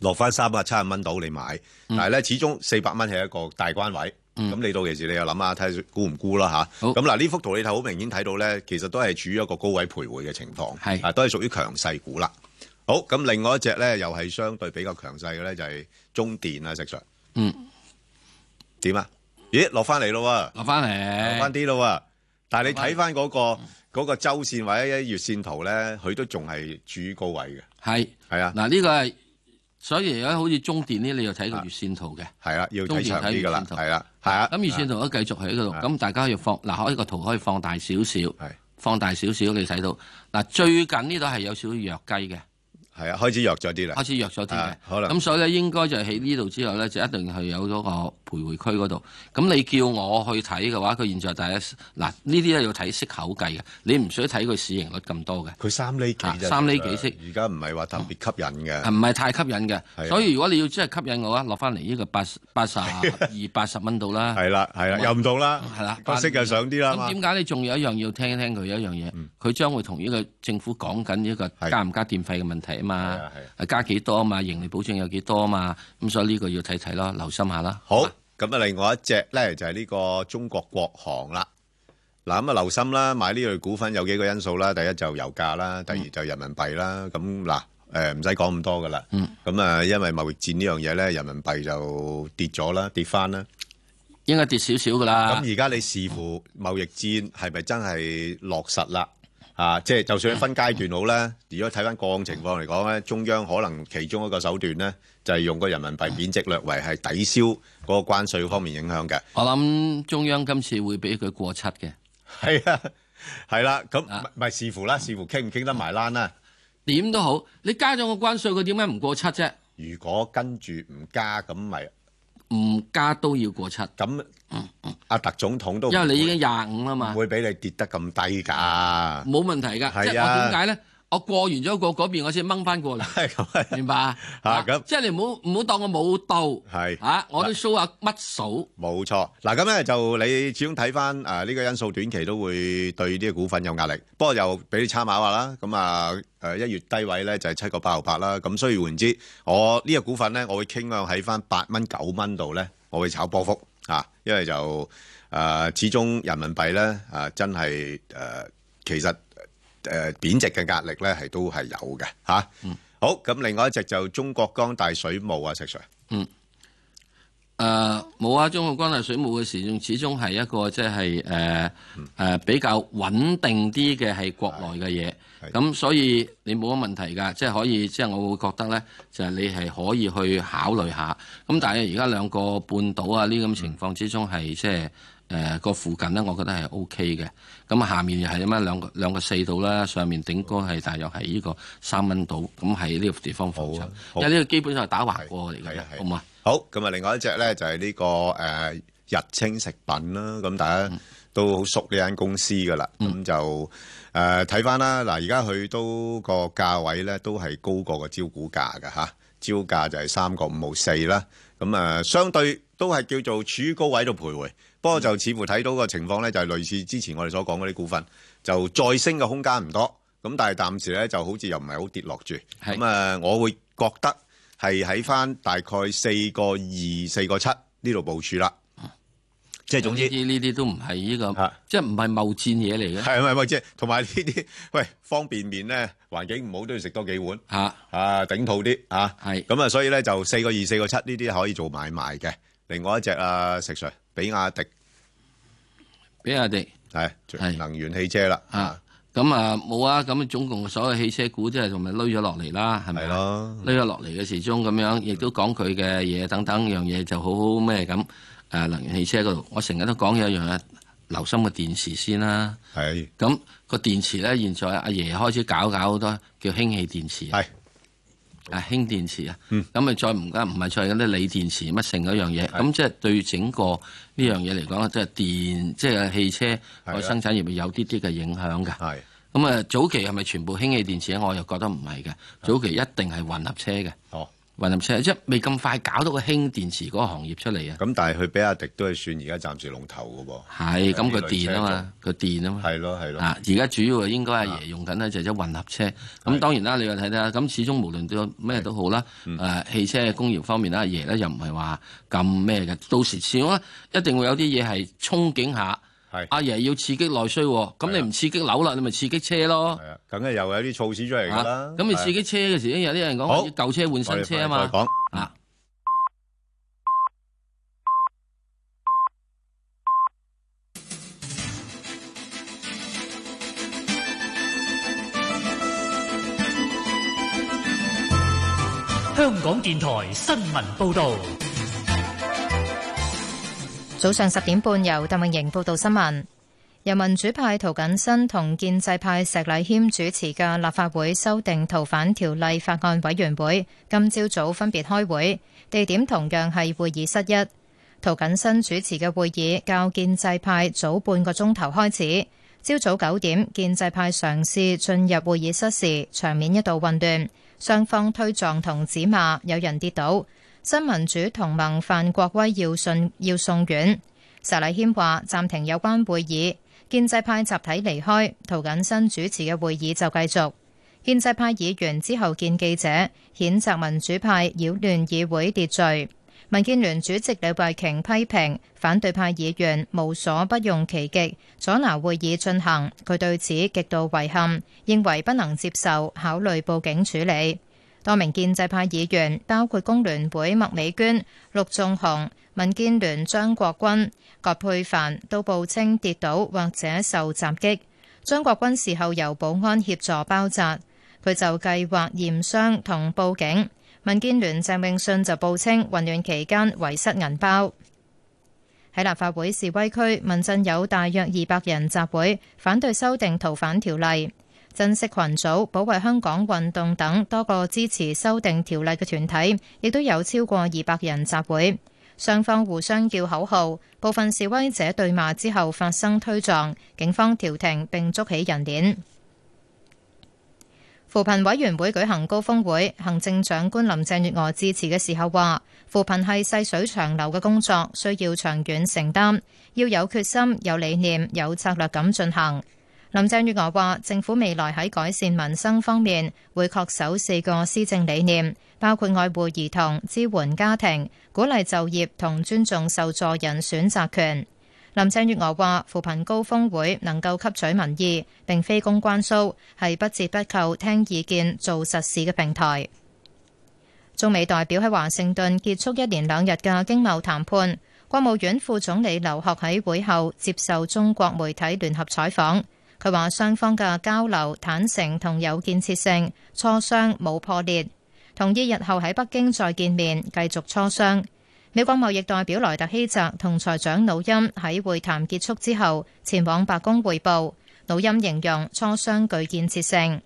落翻三百七十蚊到你買。嗯、但係咧始終四百蚊係一個大關位。咁、嗯、你到其時你又諗下睇下估唔估啦吓。咁嗱呢幅圖你睇好明顯睇到咧，其實都係處於一個高位徘徊嘅情況，啊都係屬於強勢股啦。好，咁另外一隻咧又係相對比較強勢嘅咧就係、是、中電啊、石 sir 嗯，點啊？咦，落翻嚟咯，落翻嚟，落翻啲咯。但係你睇翻嗰個嗰、那個、周線或者月線圖咧，佢都仲係處於高位嘅。係係啊，嗱、啊、呢、這個係所以而家好似中電呢，你又睇個月線圖嘅。係啊，要睇月線圖。係啦，啊。咁、啊、月線圖都繼續喺嗰度，咁、啊、大家要放嗱，可以、啊啊這個圖可以放大少少、啊，放大少少你睇到嗱、啊，最近呢度係有少少弱雞嘅。係啊，開始弱咗啲啦。開始弱咗啲嘅。好、啊、啦。咁所以咧，應該就喺呢度之後咧，就一定係有咗個徘徊區嗰度。咁你叫我去睇嘅話，佢現在大家嗱呢啲咧要睇息口計嘅，你唔需睇佢市盈率咁多嘅。佢三厘幾、啊、三厘幾息。而家唔係話特別吸引嘅。唔、哦、係太吸引嘅、啊。所以如果你要真係吸引我下來這 82, 啊，落翻嚟呢個八八十二八十蚊度啦。係啦、啊，係啦，又唔到啦。係啦、啊，息就上啲啦。咁點解你仲有一樣要聽一聽佢一樣嘢？佢、嗯、將會同呢個政府講緊呢個加唔加電費嘅問題。嘛係係，加幾多啊嘛，盈利保證有幾多啊嘛，咁所以呢個要睇睇咯，留心下啦。好，咁啊，另外一隻咧就係、是、呢個中國國航啦。嗱，咁啊留心啦，買呢類股份有幾個因素啦，第一就油價啦，第二就人民幣啦。咁、嗯、嗱，誒唔使講咁多噶啦。咁、呃、啊、嗯，因為貿易戰呢樣嘢咧，人民幣就跌咗啦，跌翻啦。應該跌少少噶啦。咁而家你視乎貿易戰係咪真係落實啦？啊，即係就算是分階段好啦，如果睇翻個案情況嚟講咧，中央可能其中一個手段咧，就係、是、用個人民幣貶值略為係抵消嗰個關稅方面影響嘅。我諗中央今次會俾佢過七嘅。係啊，係啦、啊，咁咪視乎啦，視乎傾唔傾得埋欄啦。點都好，你加咗個關稅，佢點解唔過七啫？如果跟住唔加，咁咪。唔加都要過七，咁阿、嗯、特總統都因為你已經廿五啦嘛，會俾你跌得咁低㗎？冇問題㗎，係啊、即係我點解咧？我過完咗過嗰邊，我先掹翻過嚟，明白啊？嚇咁，即係你唔好唔好當我冇到，係嚇我都 show 下乜數，冇錯。嗱咁咧就你始終睇翻誒呢個因素，短期都會對呢個股份有壓力。不過又俾你參考下啦。咁啊誒一月低位咧就係七個八毫八啦。咁所以換之，我呢個股份咧，我會傾向喺翻八蚊九蚊度咧，我會炒波幅嚇、啊，因為就誒、呃、始終人民幣咧啊、呃、真係誒、呃、其實。誒、呃、貶值嘅壓力咧，係都係有嘅、嗯、好咁，咁另外一隻就中國光大水務啊，石 Sir。嗯。誒冇啊，中國光大水務嘅事仲始終係一個即係誒誒比較穩定啲嘅係國內嘅嘢。咁、啊、所以你冇乜問題㗎，即、就、係、是、可以即係、就是、我會覺得咧，就係、是、你係可以去考慮下。咁但係而家兩個半島啊呢咁情況之中係、嗯、即係。誒、呃、個附近咧，我覺得係 O K 嘅。咁下面又係咁啊，兩個兩個四度啦。上面頂高係大約係呢個三蚊度。咁喺呢個地方好啊，即呢個基本上係打橫過嚟嘅，好嘛？好咁啊！另外一隻咧就係、是、呢、這個誒、呃、日清食品啦。咁大家都好熟呢間公司噶啦。咁就誒睇翻啦。嗱、呃，而家佢都個價位咧都係高過個招股價嘅嚇、啊。招價就係三個五毫四啦。咁、呃、啊，相對都係叫做處高位度徘徊。不過就似乎睇到個情況咧，就係類似之前我哋所講嗰啲股份，就再升嘅空間唔多。咁但係暫時咧就好似又唔係好跌落住。咁誒，我會覺得係喺返大概四個二、四個七呢度部署啦。即係總之呢啲都唔係呢個，即係唔係貿戰嘢嚟嘅。係唔係貿戰？同埋呢啲，喂方便麵咧環境唔好都要食多幾碗嚇嚇頂肚啲嚇。係咁啊，所以咧就四個二、四個七呢啲可以做買賣嘅。另外一隻啊，石 Sir，比亞迪，比亞迪係、啊啊呃，能源汽車啦。啊，咁啊冇啊，咁總共所有汽車股即係同埋溜咗落嚟啦，係咪？咯，咗落嚟嘅時鐘咁樣，亦都講佢嘅嘢，等等樣嘢就好好咩咁。誒，能源汽車嗰度，我成日都講有樣嘢，留心個電池先啦、啊。係，咁個電池呢，現在阿爺開始搞搞好多，叫氫氣電池。啊，氫電池啊，咁、嗯、咪再唔加唔係再有啲鋰電池乜成嗰樣嘢，咁即係對整個呢樣嘢嚟講，即、就、係、是、電即係、就是、汽車個生產業有啲啲嘅影響嘅。咁啊，早期係咪全部氫氣電池？我又覺得唔係嘅，早期一定係混合車嘅。哦混合車即係未咁快搞到個氫電池嗰個行業出嚟啊！咁但係佢比亞迪都係算而家暫時龍頭噶噃。係咁個電啊嘛，個電啊嘛。係咯係咯。而家、啊、主要應該阿爺用緊咧就係一混合車。咁當然啦，你又睇睇啦。咁始終無論對咩都好啦、啊。汽車工業方面啦，阿爺咧又唔係話咁咩嘅。到時始終咧一定會有啲嘢係憧憬下。係，阿爺要刺激內需，咁你唔刺激樓啦、啊，你咪刺激車咯。係啊，梗係又有啲措施出嚟啦。咁、啊、你刺激車嘅時候、啊，有啲人講舊車換新車啊嘛。好，再講、啊。香港電台新聞報道。早上十點半，由鄧文瑩報道新聞。由民主派涂謹申同建制派石禮謙主持嘅立法會修訂逃犯條例法案委員會今朝早分別開會，地點同樣係會議室一。涂謹申主持嘅會議較建制派早半個鐘頭開始。朝早九點，建制派嘗試進入會議室時，場面一度混亂，雙方推撞同指罵，有人跌倒。新民主同盟范國威要送要送院，石禮謙話暫停有關會議，建制派集體離開，涂謹申主持嘅會議就繼續。建制派議員之後見記者，譴責民主派擾亂議會秩序。民建聯主席李慧瓊批評反對派議員無所不用其極，阻撓會議進行，佢對此極度遺憾，認為不能接受，考慮報警處理。多名建制派議員，包括工聯會麥美娟、陸仲雄、民建聯張國軍、郭佩凡，都報稱跌倒或者受襲擊。張國軍事後由保安協助包紮，佢就計劃驗傷同報警。民建聯鄭永信就報稱混亂期間遺失銀包。喺立法會示威區，民陣有大約二百人集會，反對修訂逃犯條例。珍惜群組、保衛香港運動等多個支持修訂條例嘅團體，亦都有超過二百人集會，雙方互相叫口號，部分示威者對罵之後發生推撞，警方調停並捉起人鏈。扶貧委員會舉行高峰會，行政長官林鄭月娥致辭嘅時候話：扶貧係細水長流嘅工作，需要長遠承擔，要有決心、有理念、有策略咁進行。林鄭月娥話：政府未來喺改善民生方面，會確守四個施政理念，包括愛護兒童、支援家庭、鼓勵就業同尊重受助人選擇權。林鄭月娥話：扶貧高峰會能夠吸取民意，並非公關 show，係不折不扣聽意見做實事嘅平台。中美代表喺華盛頓結束一連兩日嘅經貿談判。國務院副總理劉鶴喺會後接受中國媒體聯合採訪。佢話：雙方嘅交流坦誠同有建設性，磋商冇破裂，同意日後喺北京再見面繼續磋商。美國貿易代表萊特希澤同財長努欽喺會談結束之後前往白宮彙報。努欽形容磋商具建設性。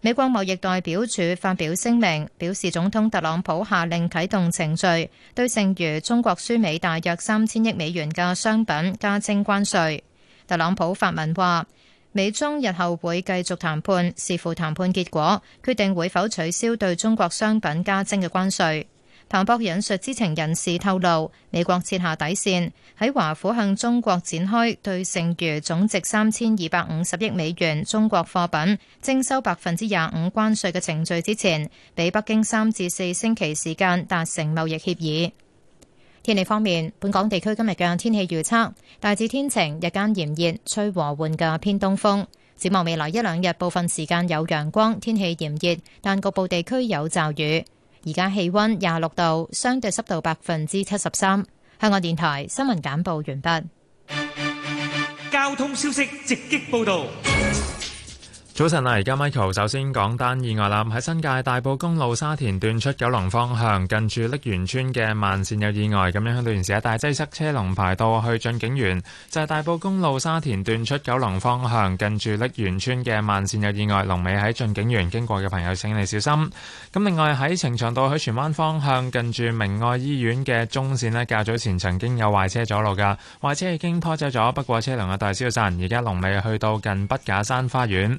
美國貿易代表處發表聲明表示，總統特朗普下令啟動程序，對剩餘中國輸美大約三千億美元嘅商品加徵關稅。特朗普發文話。美中日後會繼續談判，視乎談判結果，決定會否取消對中國商品加徵嘅關稅。彭博引述知情人士透露，美國設下底線，喺華府向中國展開對剩餘總值三千二百五十億美元中國貨品徵收百分之廿五關稅嘅程序之前，俾北京三至四星期時間達成貿易協議。天氣方面，本港地區今日嘅天氣預測，大致天晴，日間炎熱，吹和緩嘅偏東風。展望未來一兩日，部分時間有陽光，天氣炎熱，但局部地區有驟雨。而家氣溫廿六度，相對濕度百分之七十三。香港電台新聞簡報完畢。交通消息直擊報道。早晨啊！而家 Michael 首先講單意外啦，喺新界大埔公路沙田段出九龍方向，近住瀝源村嘅慢綫有意外，咁樣響到現時一時大擠塞，車龍排到去駿景園。就係、是、大埔公路沙田段出九龍方向，近住瀝源村嘅慢綫有意外，龍尾喺駿景園，經過嘅朋友，請你小心。咁另外喺呈祥道去荃灣方向，近住明愛醫院嘅中綫呢，較早前曾經有壞車阻路㗎，壞車已經拖走咗，不過車龍啊大消散，而家龍尾去到近畢架山花園。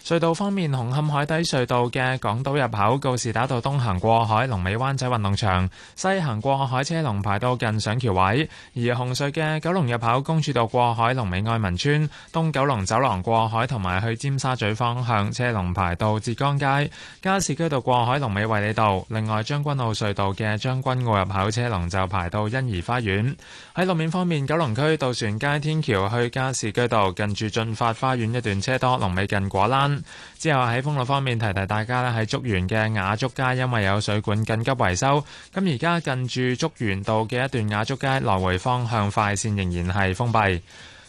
隧道方面，紅磡海底隧道嘅港島入口告士打道東行過海，龍尾灣仔運動場；西行過海車龍排到近上橋位。而紅隧嘅九龍入口公主道過海，龍尾愛民村；東九龍走廊過海同埋去尖沙咀方向車龍排到浙江街、加士居道過海龍尾衛理道。另外，將軍澳隧道嘅將軍澳入口車龍就排到欣怡花園。喺路面方面，九龍區渡船街天橋去加士居道近住駿發花園一段車多，龍尾近果欄。之後喺封路方面提提大家咧，喺竹園嘅雅竹街，因為有水管緊急維修，咁而家近住竹園道嘅一段雅竹街來回方向快線仍然係封閉。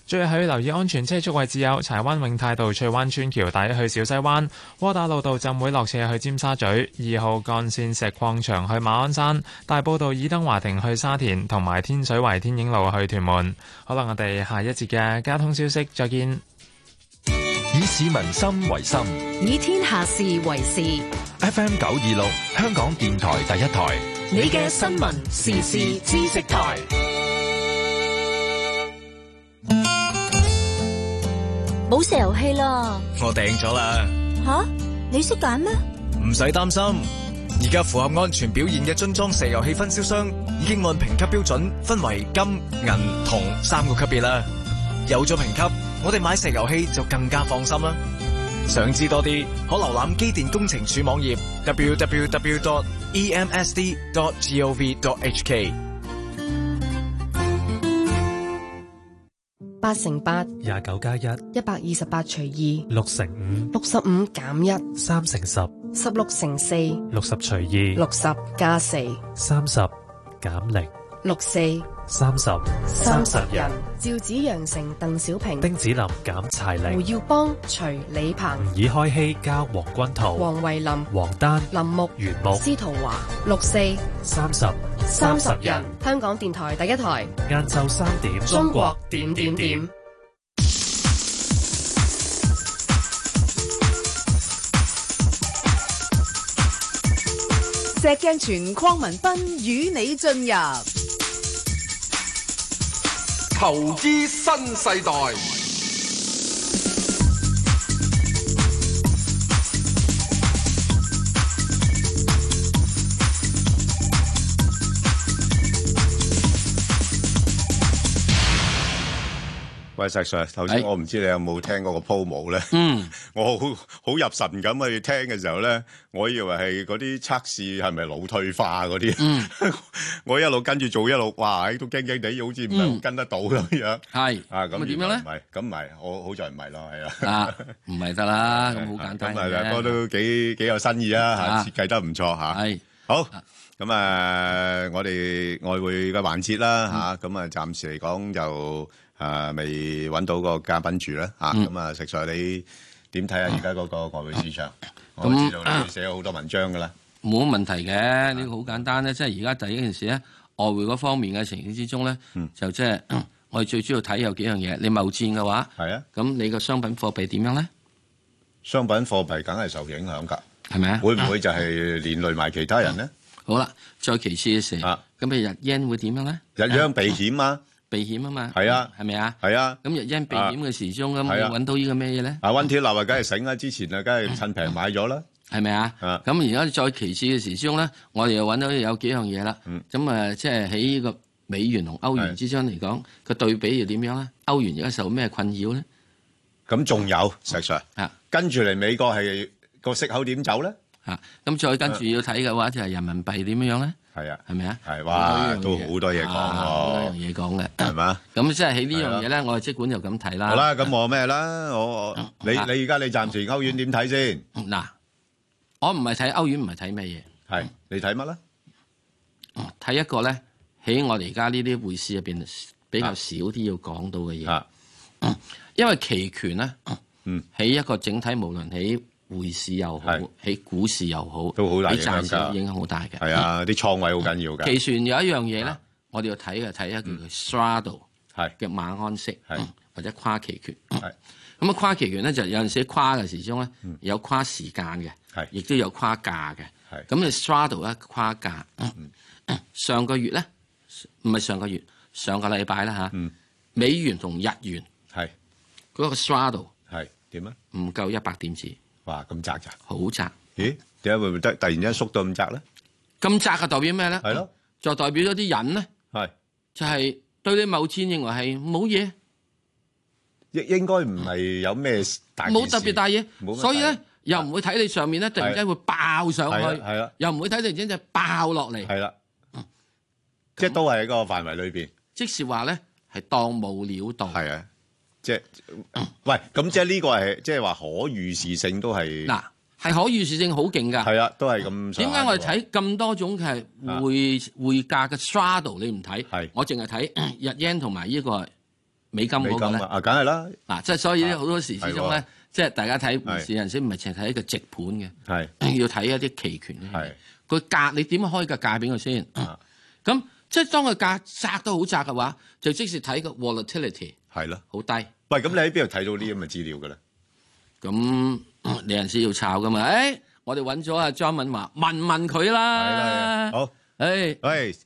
最後係要留意安全車速位置，有柴灣永泰道翠灣村橋底去小西灣、窩打老道浸會落車去尖沙咀、二號幹線石礦場去馬鞍山、大埔道爾登華庭去沙田、同埋天水圍天影路去屯門。好啦，我哋下一節嘅交通消息再見。以市民心為心，以天下事為事。FM 九二六，香港電台第一台。你嘅新聞時事知識台，冇石油氣啦！我訂咗啦。吓，你識揀咩？唔使擔心，而家符合安全表現嘅樽裝石油氣分銷商，已經按評級標準分為金、銀、銅三個級別啦。有咗評級，我哋買石油氣就更加放心啦。想知多啲，可瀏覽機電工程署網頁 www.emsd.gov.hk 8 x 8, 29加 1, 六四三十三十人，趙紫陽、成鄧小平、丁子霖、簡柴玲、胡耀邦、徐李鵬、吳以開、希加王君濤、王維林、王丹、林木、袁木、司徒華、六四三十三十人，香港電台第一台，晏晝三點，中國點點點，石鏡泉、鄺民彬與你進入。投資新世代。喂，石 Sir，頭先我唔知你有冇聽過嗰個鋪舞咧？嗯，我好好入神咁去聽嘅時候咧，我以為係嗰啲測試係咪腦退化嗰啲？嗯，我一路跟住做一路，哇！唉，都驚驚地，好似唔係好跟得到咁樣。係啊，咁咪點樣咧？唔係，咁唔係，我好在唔係咯，係啊，唔係得啦，咁好簡單。咁啊，哥都幾幾有新意啊！嚇，設計得唔錯嚇。係，好咁啊！我哋外匯嘅環節啦嚇，咁啊暫時嚟講就。誒，未揾到個嘉賓住啦吓，咁啊，石 sir 你點睇下，而家嗰個外匯市場，啊，我知道你寫咗好多文章噶啦，冇、啊、問題嘅。呢、啊這個好簡單咧，即係而家第一件事咧，外匯嗰方面嘅情形，之中咧、嗯，就即係、嗯、我哋最主要睇有幾樣嘢。你貿戰嘅話，係啊，咁你個商品貨幣點樣咧？商品貨幣梗係受影響噶，係咪啊？會唔會就係連累埋其他人咧、啊？好啦，再其次嘅事，咁譬如日 yen 會點樣咧、啊？日 yen 避險啊！啊避險啊嘛，係啊，係咪啊？係啊，咁因避險嘅時鐘咁，要揾、啊、到個呢個咩嘢咧？啊，溫鐵牛啊，梗係醒啦，之前是是是啊，梗係趁平買咗啦，係咪啊？咁而家再其次嘅時鐘咧，我哋又揾到有幾樣嘢啦。咁、嗯、啊，即係喺呢個美元同歐元之間嚟講，個、啊、對比又點樣咧？歐元而家受咩困擾咧？咁仲有石 Sir、啊、跟住嚟美國係個息口點走咧？啊，咁再跟住要睇嘅話就係人民幣點樣咧？係啊，係咪啊？係哇，都好多嘢講啊，好多嘢講嘅，係嘛？咁即係喺呢樣嘢咧，我哋即管就咁睇啦。好啦，咁我咩啦？我我你你而家你暫時歐元點睇先？嗱，我唔係睇歐元，唔係睇咩嘢？係你睇乜咧？睇、嗯、一個咧，喺我哋而家呢啲會試入邊比較少啲要講到嘅嘢，因為期權咧，嗯，喺一個整體無論喺。匯市又好，喺股市又好，喺賺錢影響好大嘅。係、嗯、啊，啲倉位好緊要嘅。期權有一樣嘢咧，我哋要睇嘅，睇一個叫 straddle 嘅馬鞍式，或者跨期權。咁啊， 跨期權咧就有陣時跨嘅時鐘咧、嗯，有跨時間嘅，亦都有跨價嘅。咁你 s t r a d d l e 咧跨價。 上個月咧，唔係上個月，上個禮拜啦嚇。美元同日元係嗰、那個 straddle 係點啊？唔夠一百點子。哇！咁窄咋？好窄！咦？點解會唔得？突然間縮到咁窄咧？咁窄啊！代表咩咧？係咯，就代表咗啲人咧。係，就係對你某次認為係冇嘢，應應該唔係有咩大冇特別大嘢，所以咧又唔會睇你上面咧，突然間會爆上去，係咯，又唔會睇突然間就爆落嚟，係啦，即係都係喺個範圍裏邊。即使話咧係當冇料到，係啊。即係喂，咁即係呢個係即係話可預視性都係嗱，係可預視性好勁噶，係啊，都係咁。點解我哋睇咁多種嘅匯匯價嘅 straddle 你唔睇，係我淨係睇日元同埋呢個美金嗰個咧、啊？啊，梗係啦。嗱、啊，即係所以咧，好多時之中咧，即係大家睇唔是人先，唔係淨係睇一個直盤嘅，係要睇一啲期權咧。係個價，你點樣開個價俾佢先？咁即係當個價窄都好窄嘅話，就即時睇個 volatility。係咯，啊，好低。喂，咁你喺邊度睇到呢啲咁嘅資料㗎？咧，嗯？咁你人士要炒㗎嘛？誒，哎，我哋揾咗阿張敏華問問佢啦，啊啊。好，誒，哎，係，哎，係，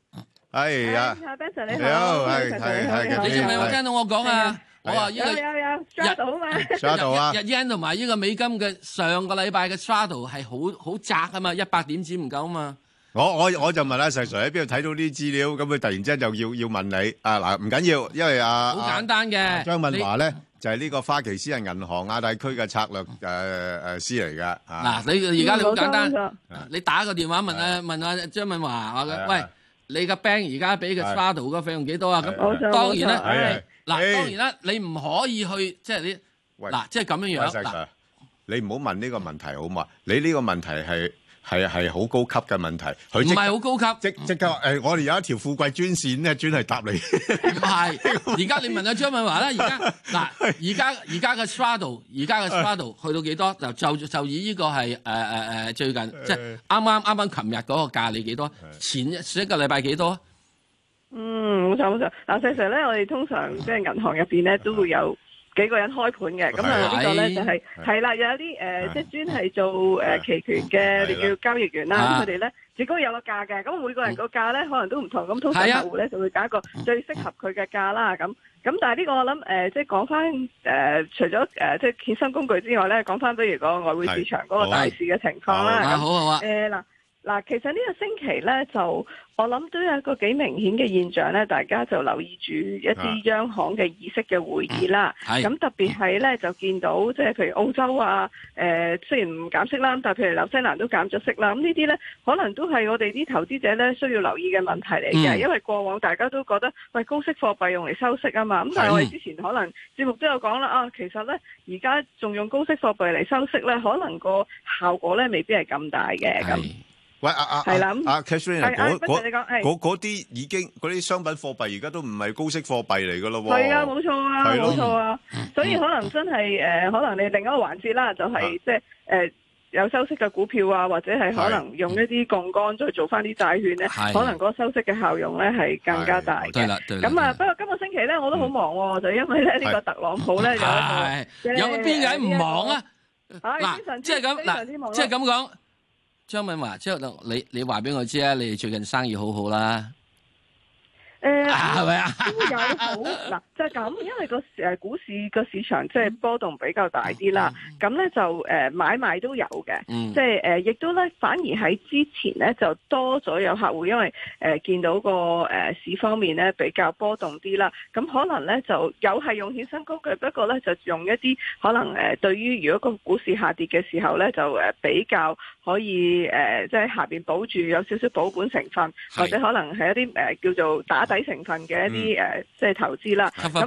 哎哎，啊。Sir, 你好，好，哎哎哎，你好，你知唔知有聽到我講啊？哎，我話依家日道啊嘛， 日 yen 同埋依個美金嘅上個禮拜嘅 shadow 係好好窄啊嘛，一百點子唔夠嘛。我我我就問阿石 Sir 喺邊度睇到啲資料，咁佢突然之間就要要問你啊嗱，唔緊要，因為阿好簡單嘅張敏華咧就係呢個花旗私人銀行亞太區嘅策略誒誒師嚟噶。嗱，你而家你好簡單，你打個電話問阿問阿張敏華話佢喂，你嘅 bank 而家俾嘅 card 嘅費用幾多啊？咁當然啦，嗱當然啦，你唔可以去即係你嗱即係咁樣樣。你唔好問呢個問題好嘛？你呢個問題係。係係好高級嘅問題，佢唔係好高級，即即刻誒！我哋有一條富貴專線咧，專係答你。唔 係不是，而 家你問阿張敏華啦。而家嗱，而家而家嘅 straddle 而家嘅 straddle 去到幾多？就就就以呢個係誒誒誒，最近、呃、即係啱啱啱啱琴日嗰個價你幾多？前上一個禮拜幾多？嗯，冇錯冇錯。嗱，事實上咧，我哋通常即係銀行入邊咧都會有。幾個人開盤嘅，咁啊呢個咧就係係啦，有啲誒即係專係做誒期權嘅、啊，叫交易員啦。咁佢哋咧最高有個價嘅，咁每個人個價咧可能都唔同。咁、啊、通常客戶咧就會揀一個最適合佢嘅價啦。咁咁、啊、但係呢個我諗誒，即係講翻誒，除咗誒即係衍生工具之外咧，講翻比如個外匯市場嗰個大市嘅情況啦。咁、啊、好嗱、啊、嗱、啊啊呃，其實呢個星期咧就。我諗都有一個幾明顯嘅現象咧，大家就留意住一啲央行嘅議息嘅會議啦。咁、嗯、特別係咧，就見到即係譬如澳洲啊，誒、呃、雖然唔減息啦，但係譬如紐西蘭都減咗息啦。咁呢啲咧，可能都係我哋啲投資者咧需要留意嘅問題嚟，嘅、嗯。因為過往大家都覺得喂高息貨幣用嚟收息啊嘛，咁但係我哋之前可能節目都有講啦，啊其實咧而家仲用高息貨幣嚟收息咧，可能個效果咧未必係咁大嘅咁。喂，阿阿係啦，阿 Cashrina，我我嗰嗰啲已經嗰啲商品貨幣而家都唔係高息貨幣嚟噶咯，係啊，冇錯啊，冇錯啊、嗯，所以可能真係誒、呃，可能你另一個環節啦、就係，就、啊、係即係誒、呃、有收息嘅股票啊，或者係可能用一啲槓桿再做翻啲債券咧，可能個收息嘅效用咧係更加大嘅。咁啊，不過今個星期咧我都好忙喎、啊，就因為咧呢個特朗普咧有一個有邊位唔忙啊？嗱、啊啊，即係咁，嗱，即係咁講。張敏華，你你話畀我知啊，你最近生意好好啦。誒咪啊？都 有好嗱，就係、是、咁，因為、那個誒股市個市場即係波動比較大啲啦。咁、嗯、咧、嗯、就、呃、買買都有嘅、嗯，即係亦、呃、都咧反而喺之前咧就多咗有客戶，因為、呃、見到個、呃、市方面咧比較波動啲啦。咁可能咧就有係用衍生工具，不過咧就用一啲可能誒、呃、對於如果個股市下跌嘅時候咧就誒比較可以誒即係下邊保住有少少保管成分，或者可能係一啲誒、呃、叫做打睇成分嘅一啲即、嗯啊、投資啦。係咪啊，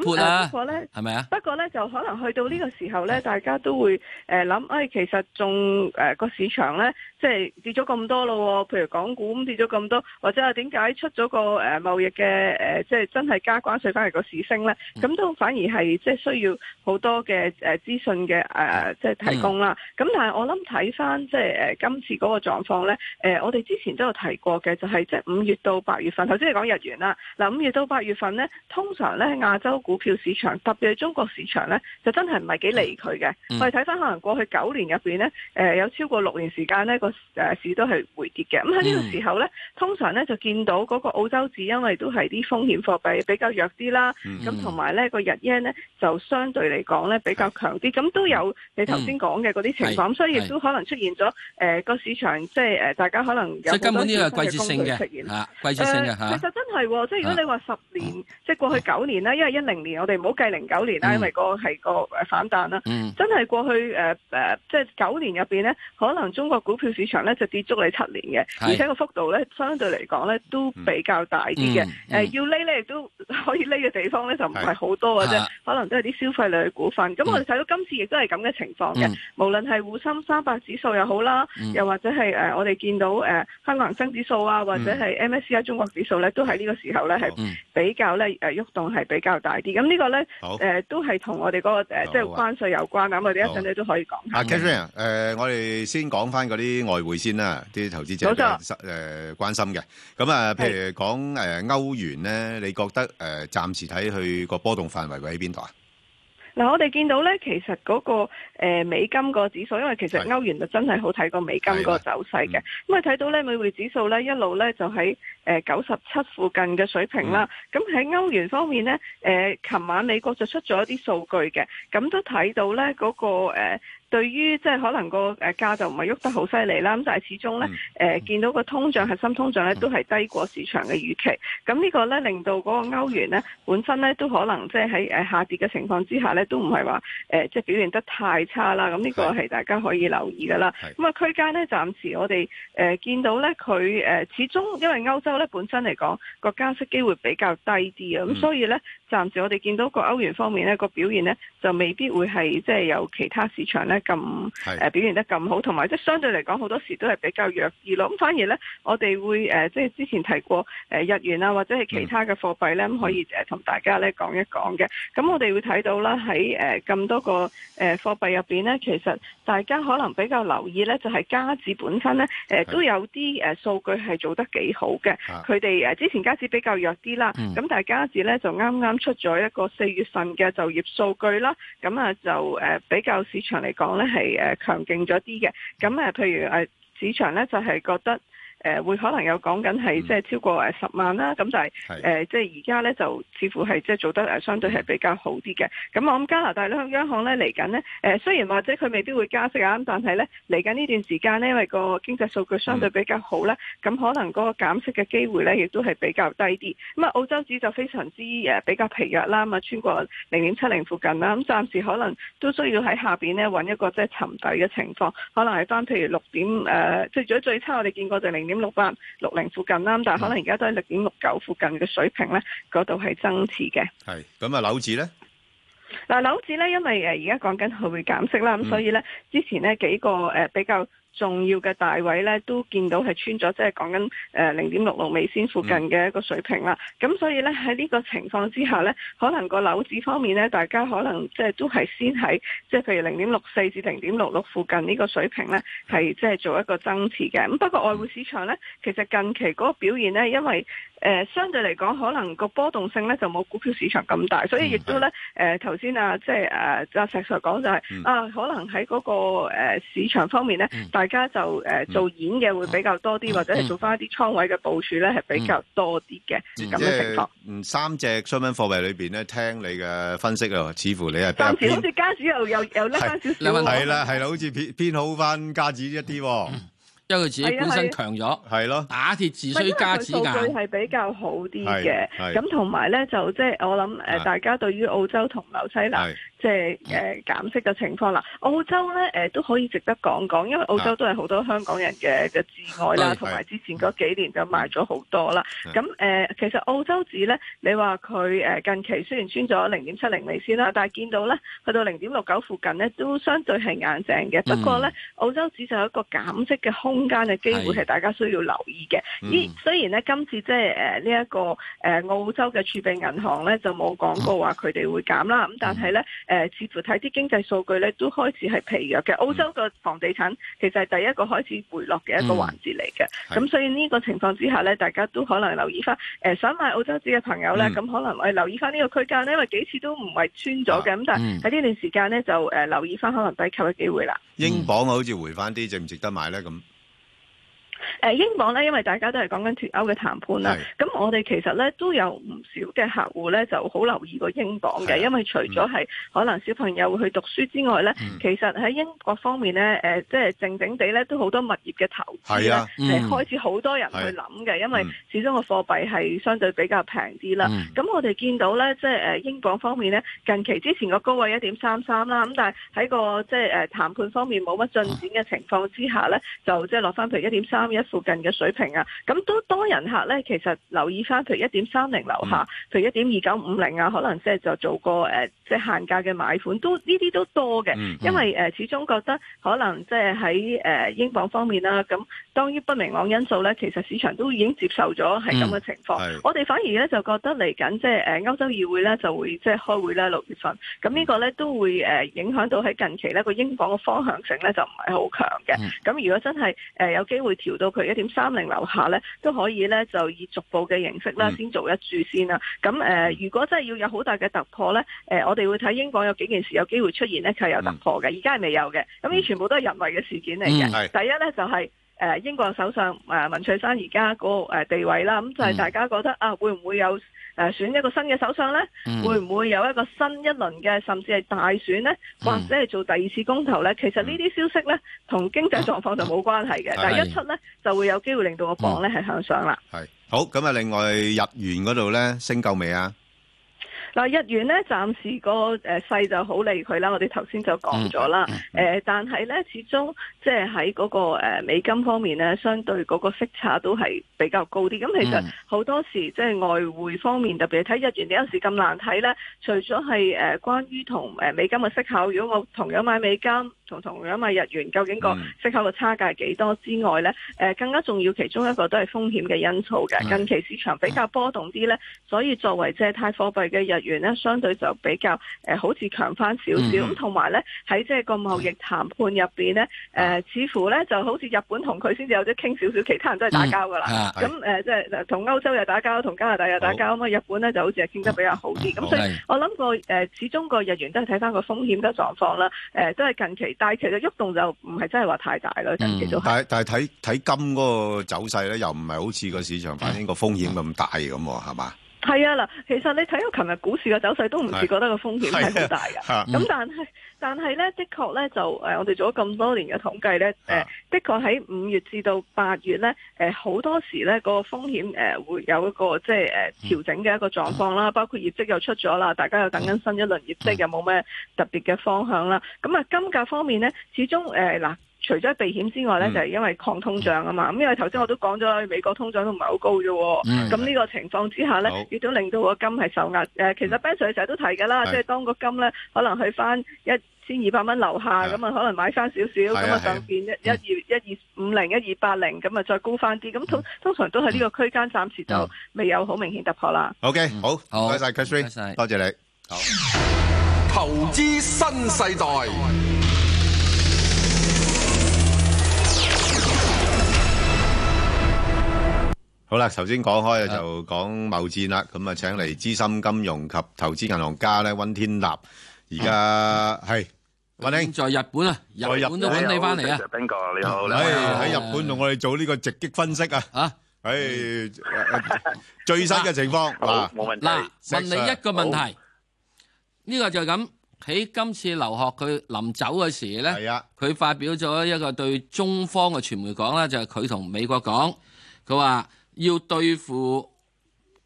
啊？不過咧，就可能去到呢個時候咧，大家都會誒諗，哎，其實仲誒個、呃、市場咧，即係跌咗咁多咯。譬如港股咁跌咗咁多，或者係點解出咗個誒貿易嘅、呃、即係真係加關稅返嚟個市升咧？咁、嗯、都反而係即係需要好多嘅誒資訊嘅、呃、即係提供啦。咁、嗯、但係我諗睇翻即係今次嗰個狀況咧、呃，我哋之前都有提過嘅，就係即係五月到八月份，頭先你講日元啦。嗱，亦都到八月份咧，通常咧亞洲股票市場特別係中國市場咧，就真係唔係幾離佢嘅。我哋睇翻可能過去九年入邊咧，誒、呃，有超過六年時間咧個誒市都係回跌嘅。咁喺呢個時候咧、嗯，通常咧就見到嗰個澳洲指，因為都係啲風險貨幣比較弱啲啦，咁同埋咧個日圓呢，咧就相對嚟講咧比較強啲，咁、嗯、都有你頭先講嘅嗰啲情況，嗯、所以亦都可能出現咗誒個市場即係誒大家可能有啲新嘅供應出現。嚇、啊，季節性嘅、啊呃、其實真係、哦。即如果你話十年，啊、即係過去九年啦，因為一零年我哋唔好計零九年啦、嗯，因為個係個誒反彈啦、嗯。真係過去誒誒、呃，即係九年入邊咧，可能中國股票市場咧就跌足你七年嘅，而且個幅度咧相對嚟講咧都比較大啲嘅。誒、嗯嗯呃、要匿咧，亦都可以匿嘅地方咧，就唔係好多嘅啫。可能都係啲消費類嘅股份。咁、嗯、我哋睇到今次亦都係咁嘅情況嘅、嗯，無論係滬深三百指數又好啦、嗯，又或者係誒、呃、我哋見到誒、呃、香港恒生指數啊，或者係 MSCI 中國指數咧，都喺呢個時候。係比較咧誒，喐、嗯啊、動係比較大啲。咁呢、呃是跟那個咧都係同我哋嗰個即係關稅有關啊。咁我哋一陣咧都可以講下。阿 Kevin，我哋先講翻嗰啲外匯先啦，啲投資者誒、呃、關心嘅。咁啊、呃，譬如講誒歐元咧，你覺得誒、呃、暫時睇佢個波動範圍喺邊度啊？嗱、嗯，我哋見到呢，其實嗰個美金個指數，因為其實歐元就真係好睇過美金個走勢嘅。咁啊，睇到呢，美匯指數呢一路呢就喺誒九十七附近嘅水平啦。咁、嗯、喺歐元方面呢，誒琴晚美國就出咗一啲數據嘅，咁都睇到呢、那、嗰個對於即係可能個誒價就唔係喐得好犀利啦，咁但係始終咧誒見到個通脹核心通脹咧都係低過市場嘅預期，咁呢個咧令到嗰個歐元咧本身咧都可能即係喺誒下跌嘅情況之下咧都唔係話誒即係表現得太差啦，咁呢個係大家可以留意噶啦。咁啊區間咧暫時我哋誒、呃、見到咧佢誒始終因為歐洲咧本身嚟講個加息機會比較低啲啊，咁、嗯、所以咧。暫時我哋見到個歐元方面呢個表現呢，就未必會係即係有其他市場呢咁誒表現得咁好，同埋即係相對嚟講好多時都係比較弱啲咯。咁反而呢，我哋會即係之前提過日元啊，或者係其他嘅貨幣呢，可以同大家呢講一講嘅。咁我哋會睇到啦，喺誒咁多個誒貨幣入面呢，其實大家可能比較留意呢，就係加紙本身呢，都有啲誒數據係做得幾好嘅。佢哋之前加紙比較弱啲啦，咁但係加紙呢，就啱啱。出咗一個四月份嘅就業數據啦，咁啊就誒比較市場嚟講咧係誒強勁咗啲嘅，咁啊譬如誒市場咧就係覺得。誒會可能有講緊係即係超過誒十萬啦，咁但係即係而家咧就似乎係即係做得誒相對係比較好啲嘅。咁我諗加拿大咧央行咧嚟緊呢，誒雖然或者佢未必會加息啊，但係咧嚟緊呢段時間呢，因為個經濟數據相對比較好、嗯、呢，咁可能個減息嘅機會咧亦都係比較低啲。咁啊澳洲指就非常之誒比較疲弱啦，咁啊穿過零點七零附近啦，咁暫時可能都需要喺下邊咧揾一個即係沉底嘅情況，可能係翻譬如六點即係、呃、最早最差我哋見過就零點六八六零附近啦，但係可能而家都係六點六九附近嘅水平咧，嗰度係增持嘅。係咁啊，樓市咧，嗱，樓市咧，因為誒而家講緊佢會減息啦，咁所以咧之前咧幾個誒比較，重要嘅大位咧，都見到係穿咗，即係講緊誒零點六六尾仙附近嘅一個水平啦。咁、嗯、所以咧喺呢在這個情況之下咧，可能個樓指方面咧，大家可能即係都係先喺即係譬如零點六四至零點六六附近呢個水平咧，係即係做一個增持嘅。咁不過外匯市場咧，其實近期嗰個表現咧，因為誒、呃、相對嚟講，可能個波動性咧就冇股票市場咁大，所以亦都咧誒頭先啊，即係誒阿石 sir 講就係、是嗯、啊，可能喺嗰、那個、呃、市場方面咧。嗯大家就誒、呃、做演嘅會比較多啲，或者係做翻一啲倉位嘅部署咧，係比較多啲嘅咁嘅情況。嗯，三隻商品貨幣裏邊咧，聽你嘅分析啊，似乎你係加，加紙好似加紙又又 又叻少少喎。係啦係啦，好似偏偏好翻加紙一啲、嗯，因為佢自己本身強咗，係咯打鐵自需加紙㗎。係比較好啲嘅，咁同埋咧就即係我諗誒、呃，大家對於澳洲同紐西蘭。即係誒減息嘅情況啦，澳洲咧、呃、都可以值得講講，因為澳洲都係好多香港人嘅嘅摯愛啦，同、啊、埋、啊、之前嗰幾年就賣咗好多啦。咁、啊、誒、呃、其實澳洲紙咧，你話佢、呃、近期雖然穿咗零點七零美先啦，但係見到咧去到零點六九附近咧都相對係硬淨嘅、嗯。不過咧澳洲紙就有一個減息嘅空間嘅機會係大家需要留意嘅。依、嗯、雖然咧今次即係呢一個誒、呃、澳洲嘅儲備銀行咧就冇講過話佢哋會減啦，咁、嗯、但係咧。誒、呃，似乎睇啲經濟數據咧，都開始係疲弱嘅。澳洲個房地產其實係第一個開始回落嘅一個環節嚟嘅。咁、嗯、所以呢個情況之下咧，大家都可能留意翻、呃。想買澳洲紙嘅朋友咧，咁、嗯、可能我哋留意翻呢個區間，因為幾次都唔係穿咗嘅。咁、啊嗯、但係喺呢段時間咧，就、呃、留意翻可能低吸嘅機會啦。英鎊好似回翻啲，值唔值得買咧？咁？誒英鎊咧，因為大家都係講緊脱歐嘅談判啦，咁我哋其實咧都有唔少嘅客戶咧就好留意過英鎊嘅，因為除咗係可能小朋友會去讀書之外咧，其實喺英國方面咧，誒即係靜靜地咧都好多物業嘅投資，即係開始好多人去諗嘅，因為始終個貨幣係相對比較平啲啦。咁我哋見到咧，即係誒英鎊方面咧，近期之前個高位一點三三啦，咁但係喺個即係誒談判方面冇乜進展嘅情況之下咧，就即係落翻譬如一點三。一附近嘅水平啊，咁都多人客咧。其實留意翻，譬如一點三零樓下，譬如一點二九五零啊，可能即係就做過誒，即、呃、係、就是、限價嘅買款，都呢啲都多嘅、嗯。因為誒、呃，始終覺得可能即係喺誒英鎊方面啦、啊，咁當於不明朗因素咧，其實市場都已經接受咗係咁嘅情況、嗯。我哋反而咧就覺得嚟緊即係誒歐洲議會咧就會即係開會咧六月份，咁呢個咧都會誒影響到喺近期咧個英鎊嘅方向性咧就唔係好強嘅。咁、嗯、如果真係誒、呃、有機會調。到佢一點三零樓下呢，都可以呢，就以逐步嘅形式啦，先做一注先啦。咁、嗯、誒、呃，如果真係要有好大嘅突破呢，誒、呃，我哋會睇英國有幾件事有機會出現呢，佢、就是、有突破嘅。而家係未有嘅。咁呢，全部都係人為嘅事件嚟嘅、嗯。第一呢，就係、是、誒、呃、英國首相誒、呃、文翠珊而家嗰個地位啦。咁就係大家覺得、嗯、啊，會唔會有？誒，選一個新嘅首相呢，會唔會有一個新一輪嘅，甚至係大選呢？或者係做第二次公投呢？其實呢啲消息呢，同經濟狀況就冇關係嘅，但係一出呢，就會有機會令到個磅呢係向上啦。係好，咁啊，另外日元嗰度呢，升夠未啊？嗱，日元咧，暫時個誒勢就好離佢啦。我哋頭先就講咗啦，誒、嗯嗯呃，但係咧，始終即係喺嗰個美金方面咧，相對嗰個息差都係比較高啲。咁、嗯嗯、其實好多時即係外匯方面，特別睇日元，點解有時咁難睇咧？除咗係誒關於同美金嘅息口，如果我同樣買美金同同樣買日元，究竟個息口嘅差價係幾多之外咧？誒、嗯呃，更加重要，其中一個都係風險嘅因素嘅。近期市場比較波動啲咧、嗯嗯，所以作為借貸貨幣嘅日日元咧相對就比較誒、呃、好似強翻少少，咁同埋咧喺即係個貿易談判入邊咧誒，似乎咧就好似日本同佢先至有啲傾少少，其他人都係打交噶啦。咁誒即係同歐洲又打交，同加拿大又打交啊嘛。咁日本咧就好似係傾得比較好啲。咁所以我諗個誒始終個日元都係睇翻個風險嘅狀況啦。誒、呃、都係近期，但係其實喐動就唔係真係話太大啦、嗯。近期都係。但係但係睇睇金嗰個走勢咧，又唔係好似個市場反映個風險咁大咁，係、嗯、嘛？係啊，嗱，其實你睇到琴日股市嘅走勢都唔似覺得個風險係好大噶，咁但係但係咧的確咧就誒，我哋做咗咁多年嘅統計咧，誒的確喺五月至到八月咧，誒好多時咧個風險誒會有一個即係誒、呃、調整嘅一個狀況啦、嗯，包括業績又出咗啦，大家又等緊新一輪業績又冇咩特別嘅方向啦，咁、呃、啊金價方面咧始終誒嗱。呃除咗避險之外咧、嗯，就係、是、因為抗通脹啊嘛。咁因為頭先我都講咗，美國通脹都唔係好高啫。咁、嗯、呢個情況之下咧，亦都令到個金係受壓。誒、呃，其實 Benjamin 成日都提嘅啦，即係、就是、當個金咧可能去翻一千二百蚊樓下，咁啊可能買翻少少，咁啊，啊就上邊一一二一二五零一二八零，咁啊再高翻啲。咁、啊、通通常都係呢個區間，暫時就未有好明顯突破啦、嗯。OK，好，多謝 Cashree 多謝你，謝謝你好。投資新世代。好啦，頭先講開就講貿易戰啦。咁啊，請嚟資深金融及投資銀行家咧，溫天立。而家係溫兄在日本啊，日本都揾你翻嚟啊。冰哥你好咧，喺日本同我哋做呢個直擊分析啊。吓，誒，最新嘅情況嗱，冇問題嗱，問你一個問題，呢個就係咁，喺今次留學佢臨走嘅時咧，佢發表咗一個對中方嘅傳媒講啦，就係佢同美國講，佢話。要對付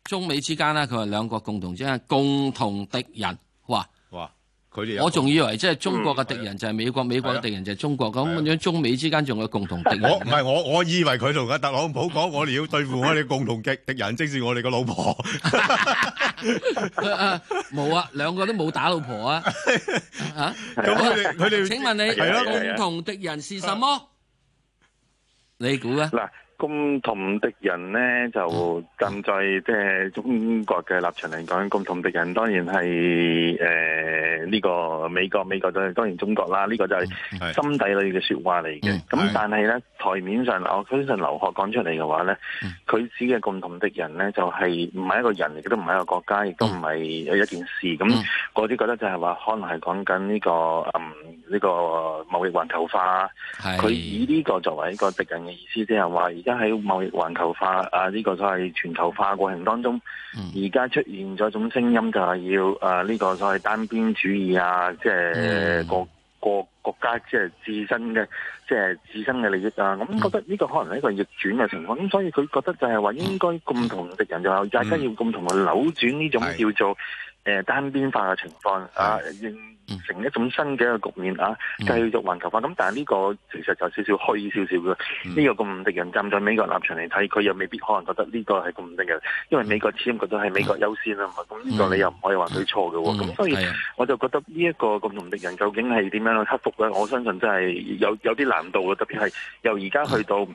中美之間啦，佢話兩國共同即係共同敵人，哇！哇！佢哋我仲以為即係中國嘅敵人就係美國，美國嘅敵人就係中國，咁樣中美之間仲有共同敵人？我唔係我，我以為佢同阿特朗普講，我哋要對付我哋共同敵敵人，即係我哋個老婆。冇啊，兩個都冇打老婆啊！嚇？咁佢哋佢哋？請問你共同敵人是什麼？你估啊？嗱。共同敵人咧，就站在即係中國嘅立場嚟講，共同敵人當然係誒呢個美國，美國就當然中國啦。呢、這個就係心底裏嘅説話嚟嘅。咁、嗯嗯、但係咧台面上，我相信劉鶴講出嚟嘅話咧，佢指嘅共同敵人咧就係唔係一個人，亦都唔係一個國家，亦都唔係有一件事。咁、嗯嗯、我啲覺得就係話，可能係講緊呢個誒。嗯呢、這個貿易環球化，佢以呢個作為一個敵人嘅意思，即係話而家喺貿易環球、啊這個、全球化啊呢個所謂全球化過程當中，而家出現咗一種聲音就是、啊這個，就係要啊呢個所謂單邊主義啊，即係個個國家即係自身嘅即係自身嘅利益啊。咁覺得呢個可能係一個逆轉嘅情況，咁、嗯、所以佢覺得就係話應該共同敵人就係大家要共同去扭轉呢種叫做誒單邊化嘅情況、嗯、啊。嗯、成一種新嘅局面啊，嗯、繼續環球化。咁但係呢個其實就少少虛少少嘅。呢、嗯這個，咁唔敵人站在美國立場嚟睇，佢又未必可能覺得呢個係咁唔敵人，因為美國始終覺得係美國優先啊嘛。咁、嗯、呢個你又唔可以話佢錯嘅喎、啊。咁、嗯、所以我就覺得呢一個咁唔敵人究竟係點樣去克服咧？我相信真係有有啲難度嘅，特別係由而家去到。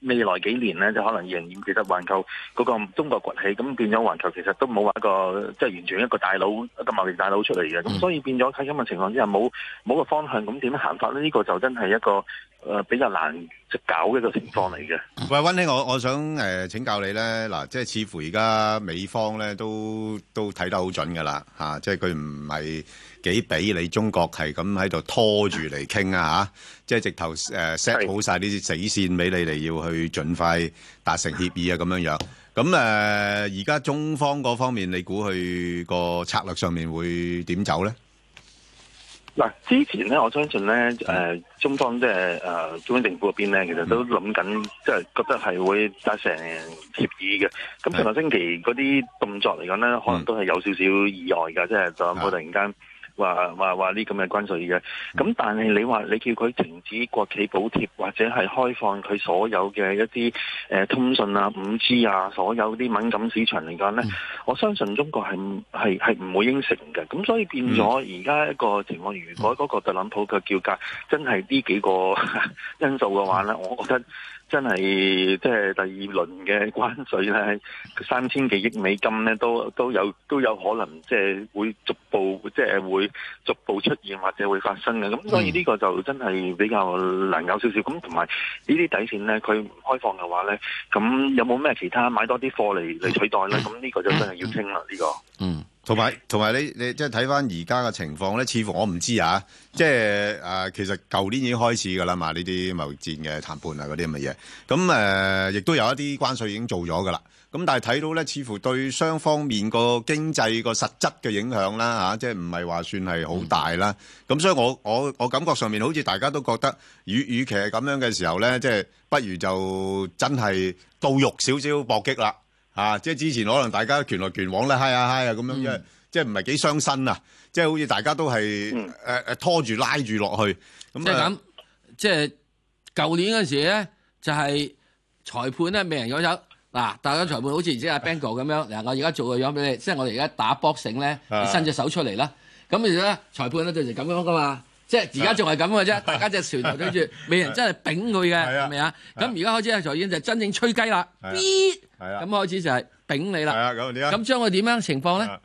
未來幾年咧，就可能仍然二得環環球嗰、那個中國崛起，咁變咗環球，其實都冇話一個，即係完全一個大佬一個貿易大佬出嚟嘅，咁所以變咗喺咁嘅情況之下，冇冇個方向，咁點行法咧？呢、這個就真係一個誒、呃、比較難即係搞嘅一個情況嚟嘅。喂，溫馨，我我想誒、呃、請教你咧，嗱，即係似乎而家美方咧都都睇得好準㗎啦，嚇，即係佢唔係。幾俾你中國係咁喺度拖住嚟傾啊嚇，即係直頭誒 set 好晒呢啲死線俾你哋，要去盡快達成協議啊咁樣樣。咁而家中方嗰方面，你估佢個策略上面會點走咧？嗱，之前咧，我相信咧、嗯呃，中方即係誒中央政府嗰邊咧，其實都諗緊，即、嗯、係覺得係會達成協議嘅。咁上個星期嗰啲動作嚟講咧、嗯，可能都係有少少意外噶，即係就咁、是、突然間、嗯。嗯話話話呢咁嘅關稅嘅，咁但係你話你叫佢停止國企補貼或者係開放佢所有嘅一啲、呃、通訊啊、五 G 啊所有啲敏感市場嚟講呢、嗯，我相信中國係係係唔會應承嘅。咁所以變咗而家一個情況，如果嗰個特朗普嘅叫價真係呢幾個呵呵因素嘅話呢，我覺得。真係即係第二輪嘅關稅咧，三千幾億美金咧，都都有都有可能即係會逐步即係會逐步出現或者會發生嘅，咁所以呢個就真係比較難搞少少。咁同埋呢啲底線咧，佢唔開放嘅話咧，咁有冇咩其他買多啲貨嚟嚟取代咧？咁呢個就真係要傾啦，呢個。嗯。同埋，同埋你你即係睇翻而家嘅情況咧，似乎我唔知啊，即係啊，其實舊年已經開始噶啦嘛，呢啲貿易戰嘅談判啊，嗰啲咁嘅嘢。咁誒，亦都有一啲關稅已經做咗噶啦。咁但係睇到咧，似乎對雙方面個經濟個實質嘅影響啦嚇，即係唔係話算係好大啦。咁、嗯、所以我我我感覺上面好似大家都覺得，與與其係咁樣嘅時候咧，即係不如就真係到肉少少搏擊啦。啊！即係之前可能大家拳來拳往咧，嗨呀嗨呀咁樣，即係即唔係幾傷身啊？即係好似大家都係誒誒拖住拉住落去。即係咁，即係舊、嗯、年嗰時咧，就係、是、裁判咧，未人攞手嗱、啊，大家裁判好似即係阿 Bengor 咁樣。嗱， 我而家做個樣俾你，即係我哋而家打 boxing 咧， 伸隻手出嚟啦。咁其實咧，裁判咧就係咁樣噶嘛，即係而家仲係咁嘅啫。 大家即船船頭睇住，未人真係頂佢嘅，係 咪啊？咁而家開始阿裁判就真正吹雞啦，B。 係咁開始就係頂你啦。咁將會點樣情況咧？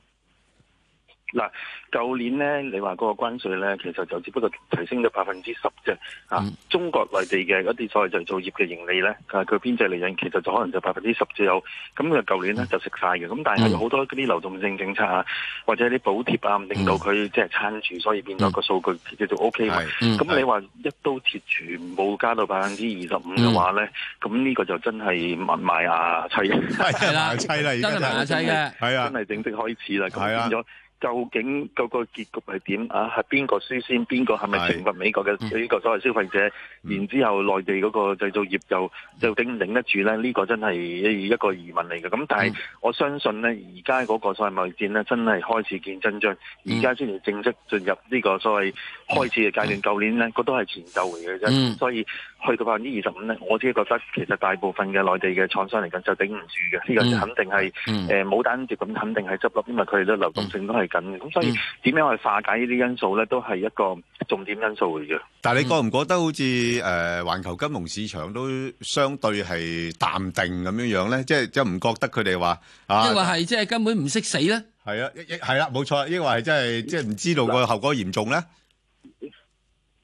嗱，舊年咧，你話嗰個關稅咧，其實就只不過提升咗百分之十啫。啊，中國內地嘅嗰啲所謂製造業嘅盈利咧，佢邊際利潤其實就可能就百分之十左右。咁佢舊年咧就食晒嘅。咁但係有好多嗰啲流動性政策啊，或者啲補貼啊，令到佢即係撐住，所以變咗個數據叫做 O K。咁、啊嗯、你話一刀切全部加到百分之二十五嘅話咧，咁、嗯、呢、嗯、個就真係文埋啊，砌係啦，砌、啊、啦、 啊啊，真係嘅，係真係正式開始啦，咁。變咗。究竟個個結局係點啊？係邊個輸先？邊個係咪懲罰美國嘅呢個所謂消費者？然之後內地嗰個製造業又又頂唔頂得住咧？呢、呢個真係一個個疑問嚟嘅。咁但係我相信咧，而家嗰個所謂貿易戰咧，真係開始見真章。而家先至正式進入呢個所謂開始嘅階段。舊、嗯、年咧，嗰都係前奏嚟嘅啫。所以。去到百分之二十五咧，我自己覺得其實大部分嘅內地嘅廠商嚟緊就頂唔住嘅，呢、這個肯定係冇、嗯呃、單接咁肯定係執笠，因為佢哋都流動性都係緊，咁、嗯嗯、所以點樣去化解呢啲因素咧，都係一個重點因素嚟嘅。但你覺唔覺得好似誒、呃、環球金融市場都相對係淡定咁樣樣咧？即係即係唔覺得佢哋話嚇，亦、啊、或係即係根本唔識死咧？係啊，係啦、啊，冇錯、啊，亦或係即係即係唔知道個後果嚴重咧？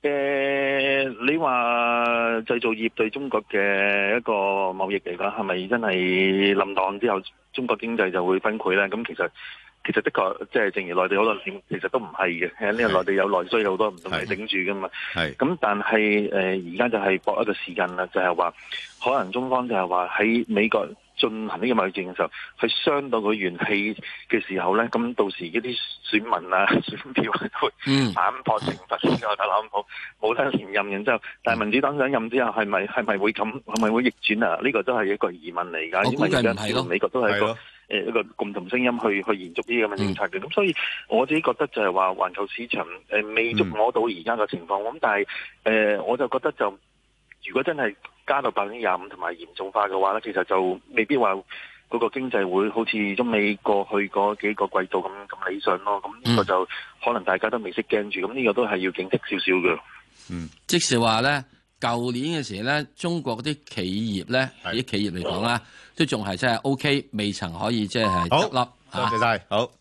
誒，你話製造業對中國嘅一個貿易嚟講，係咪真係冧檔之後，中國經濟就會崩潰咧？咁其實其實的確，即係正如內地好多，其實都唔係嘅，因為內地有內需，有好多唔同嘢頂住噶嘛係咁，但係誒，而家就係博一個時間啦，就係話可能中方就係話喺美國。進行呢個貿易戰嘅時候，係傷到佢元氣嘅時候咧，咁到時嗰啲選民啊、選票會反駁、懲罰大就諗好冇得連任。然之後，但係民主黨上任之後，係咪係咪會咁係咪會逆轉啊？呢、呢個都係一個疑問嚟㗎。我估計唔係咯，因為美國都係個一個,一個共同聲音去去延續啲咁嘅政策嘅。咁、嗯、所以我自己覺得就係話，環球市場、呃、未觸摸到而家嘅情況。咁、嗯、但係、呃、我就覺得就。如果真係加到百分之廿五，同埋嚴重化嘅話咧，其實就未必話嗰個經濟會好似中美過去嗰幾個季度咁咁理想咯。咁、嗯、呢個就可能大家都未識驚住，咁呢個都係要警惕少少嘅。嗯，即使話咧，舊年嘅時咧，中國嗰啲企業咧，啲企業嚟講啦，都仲係真係 O K，未曾可以即係執笠。多謝晒。好。謝謝啊好。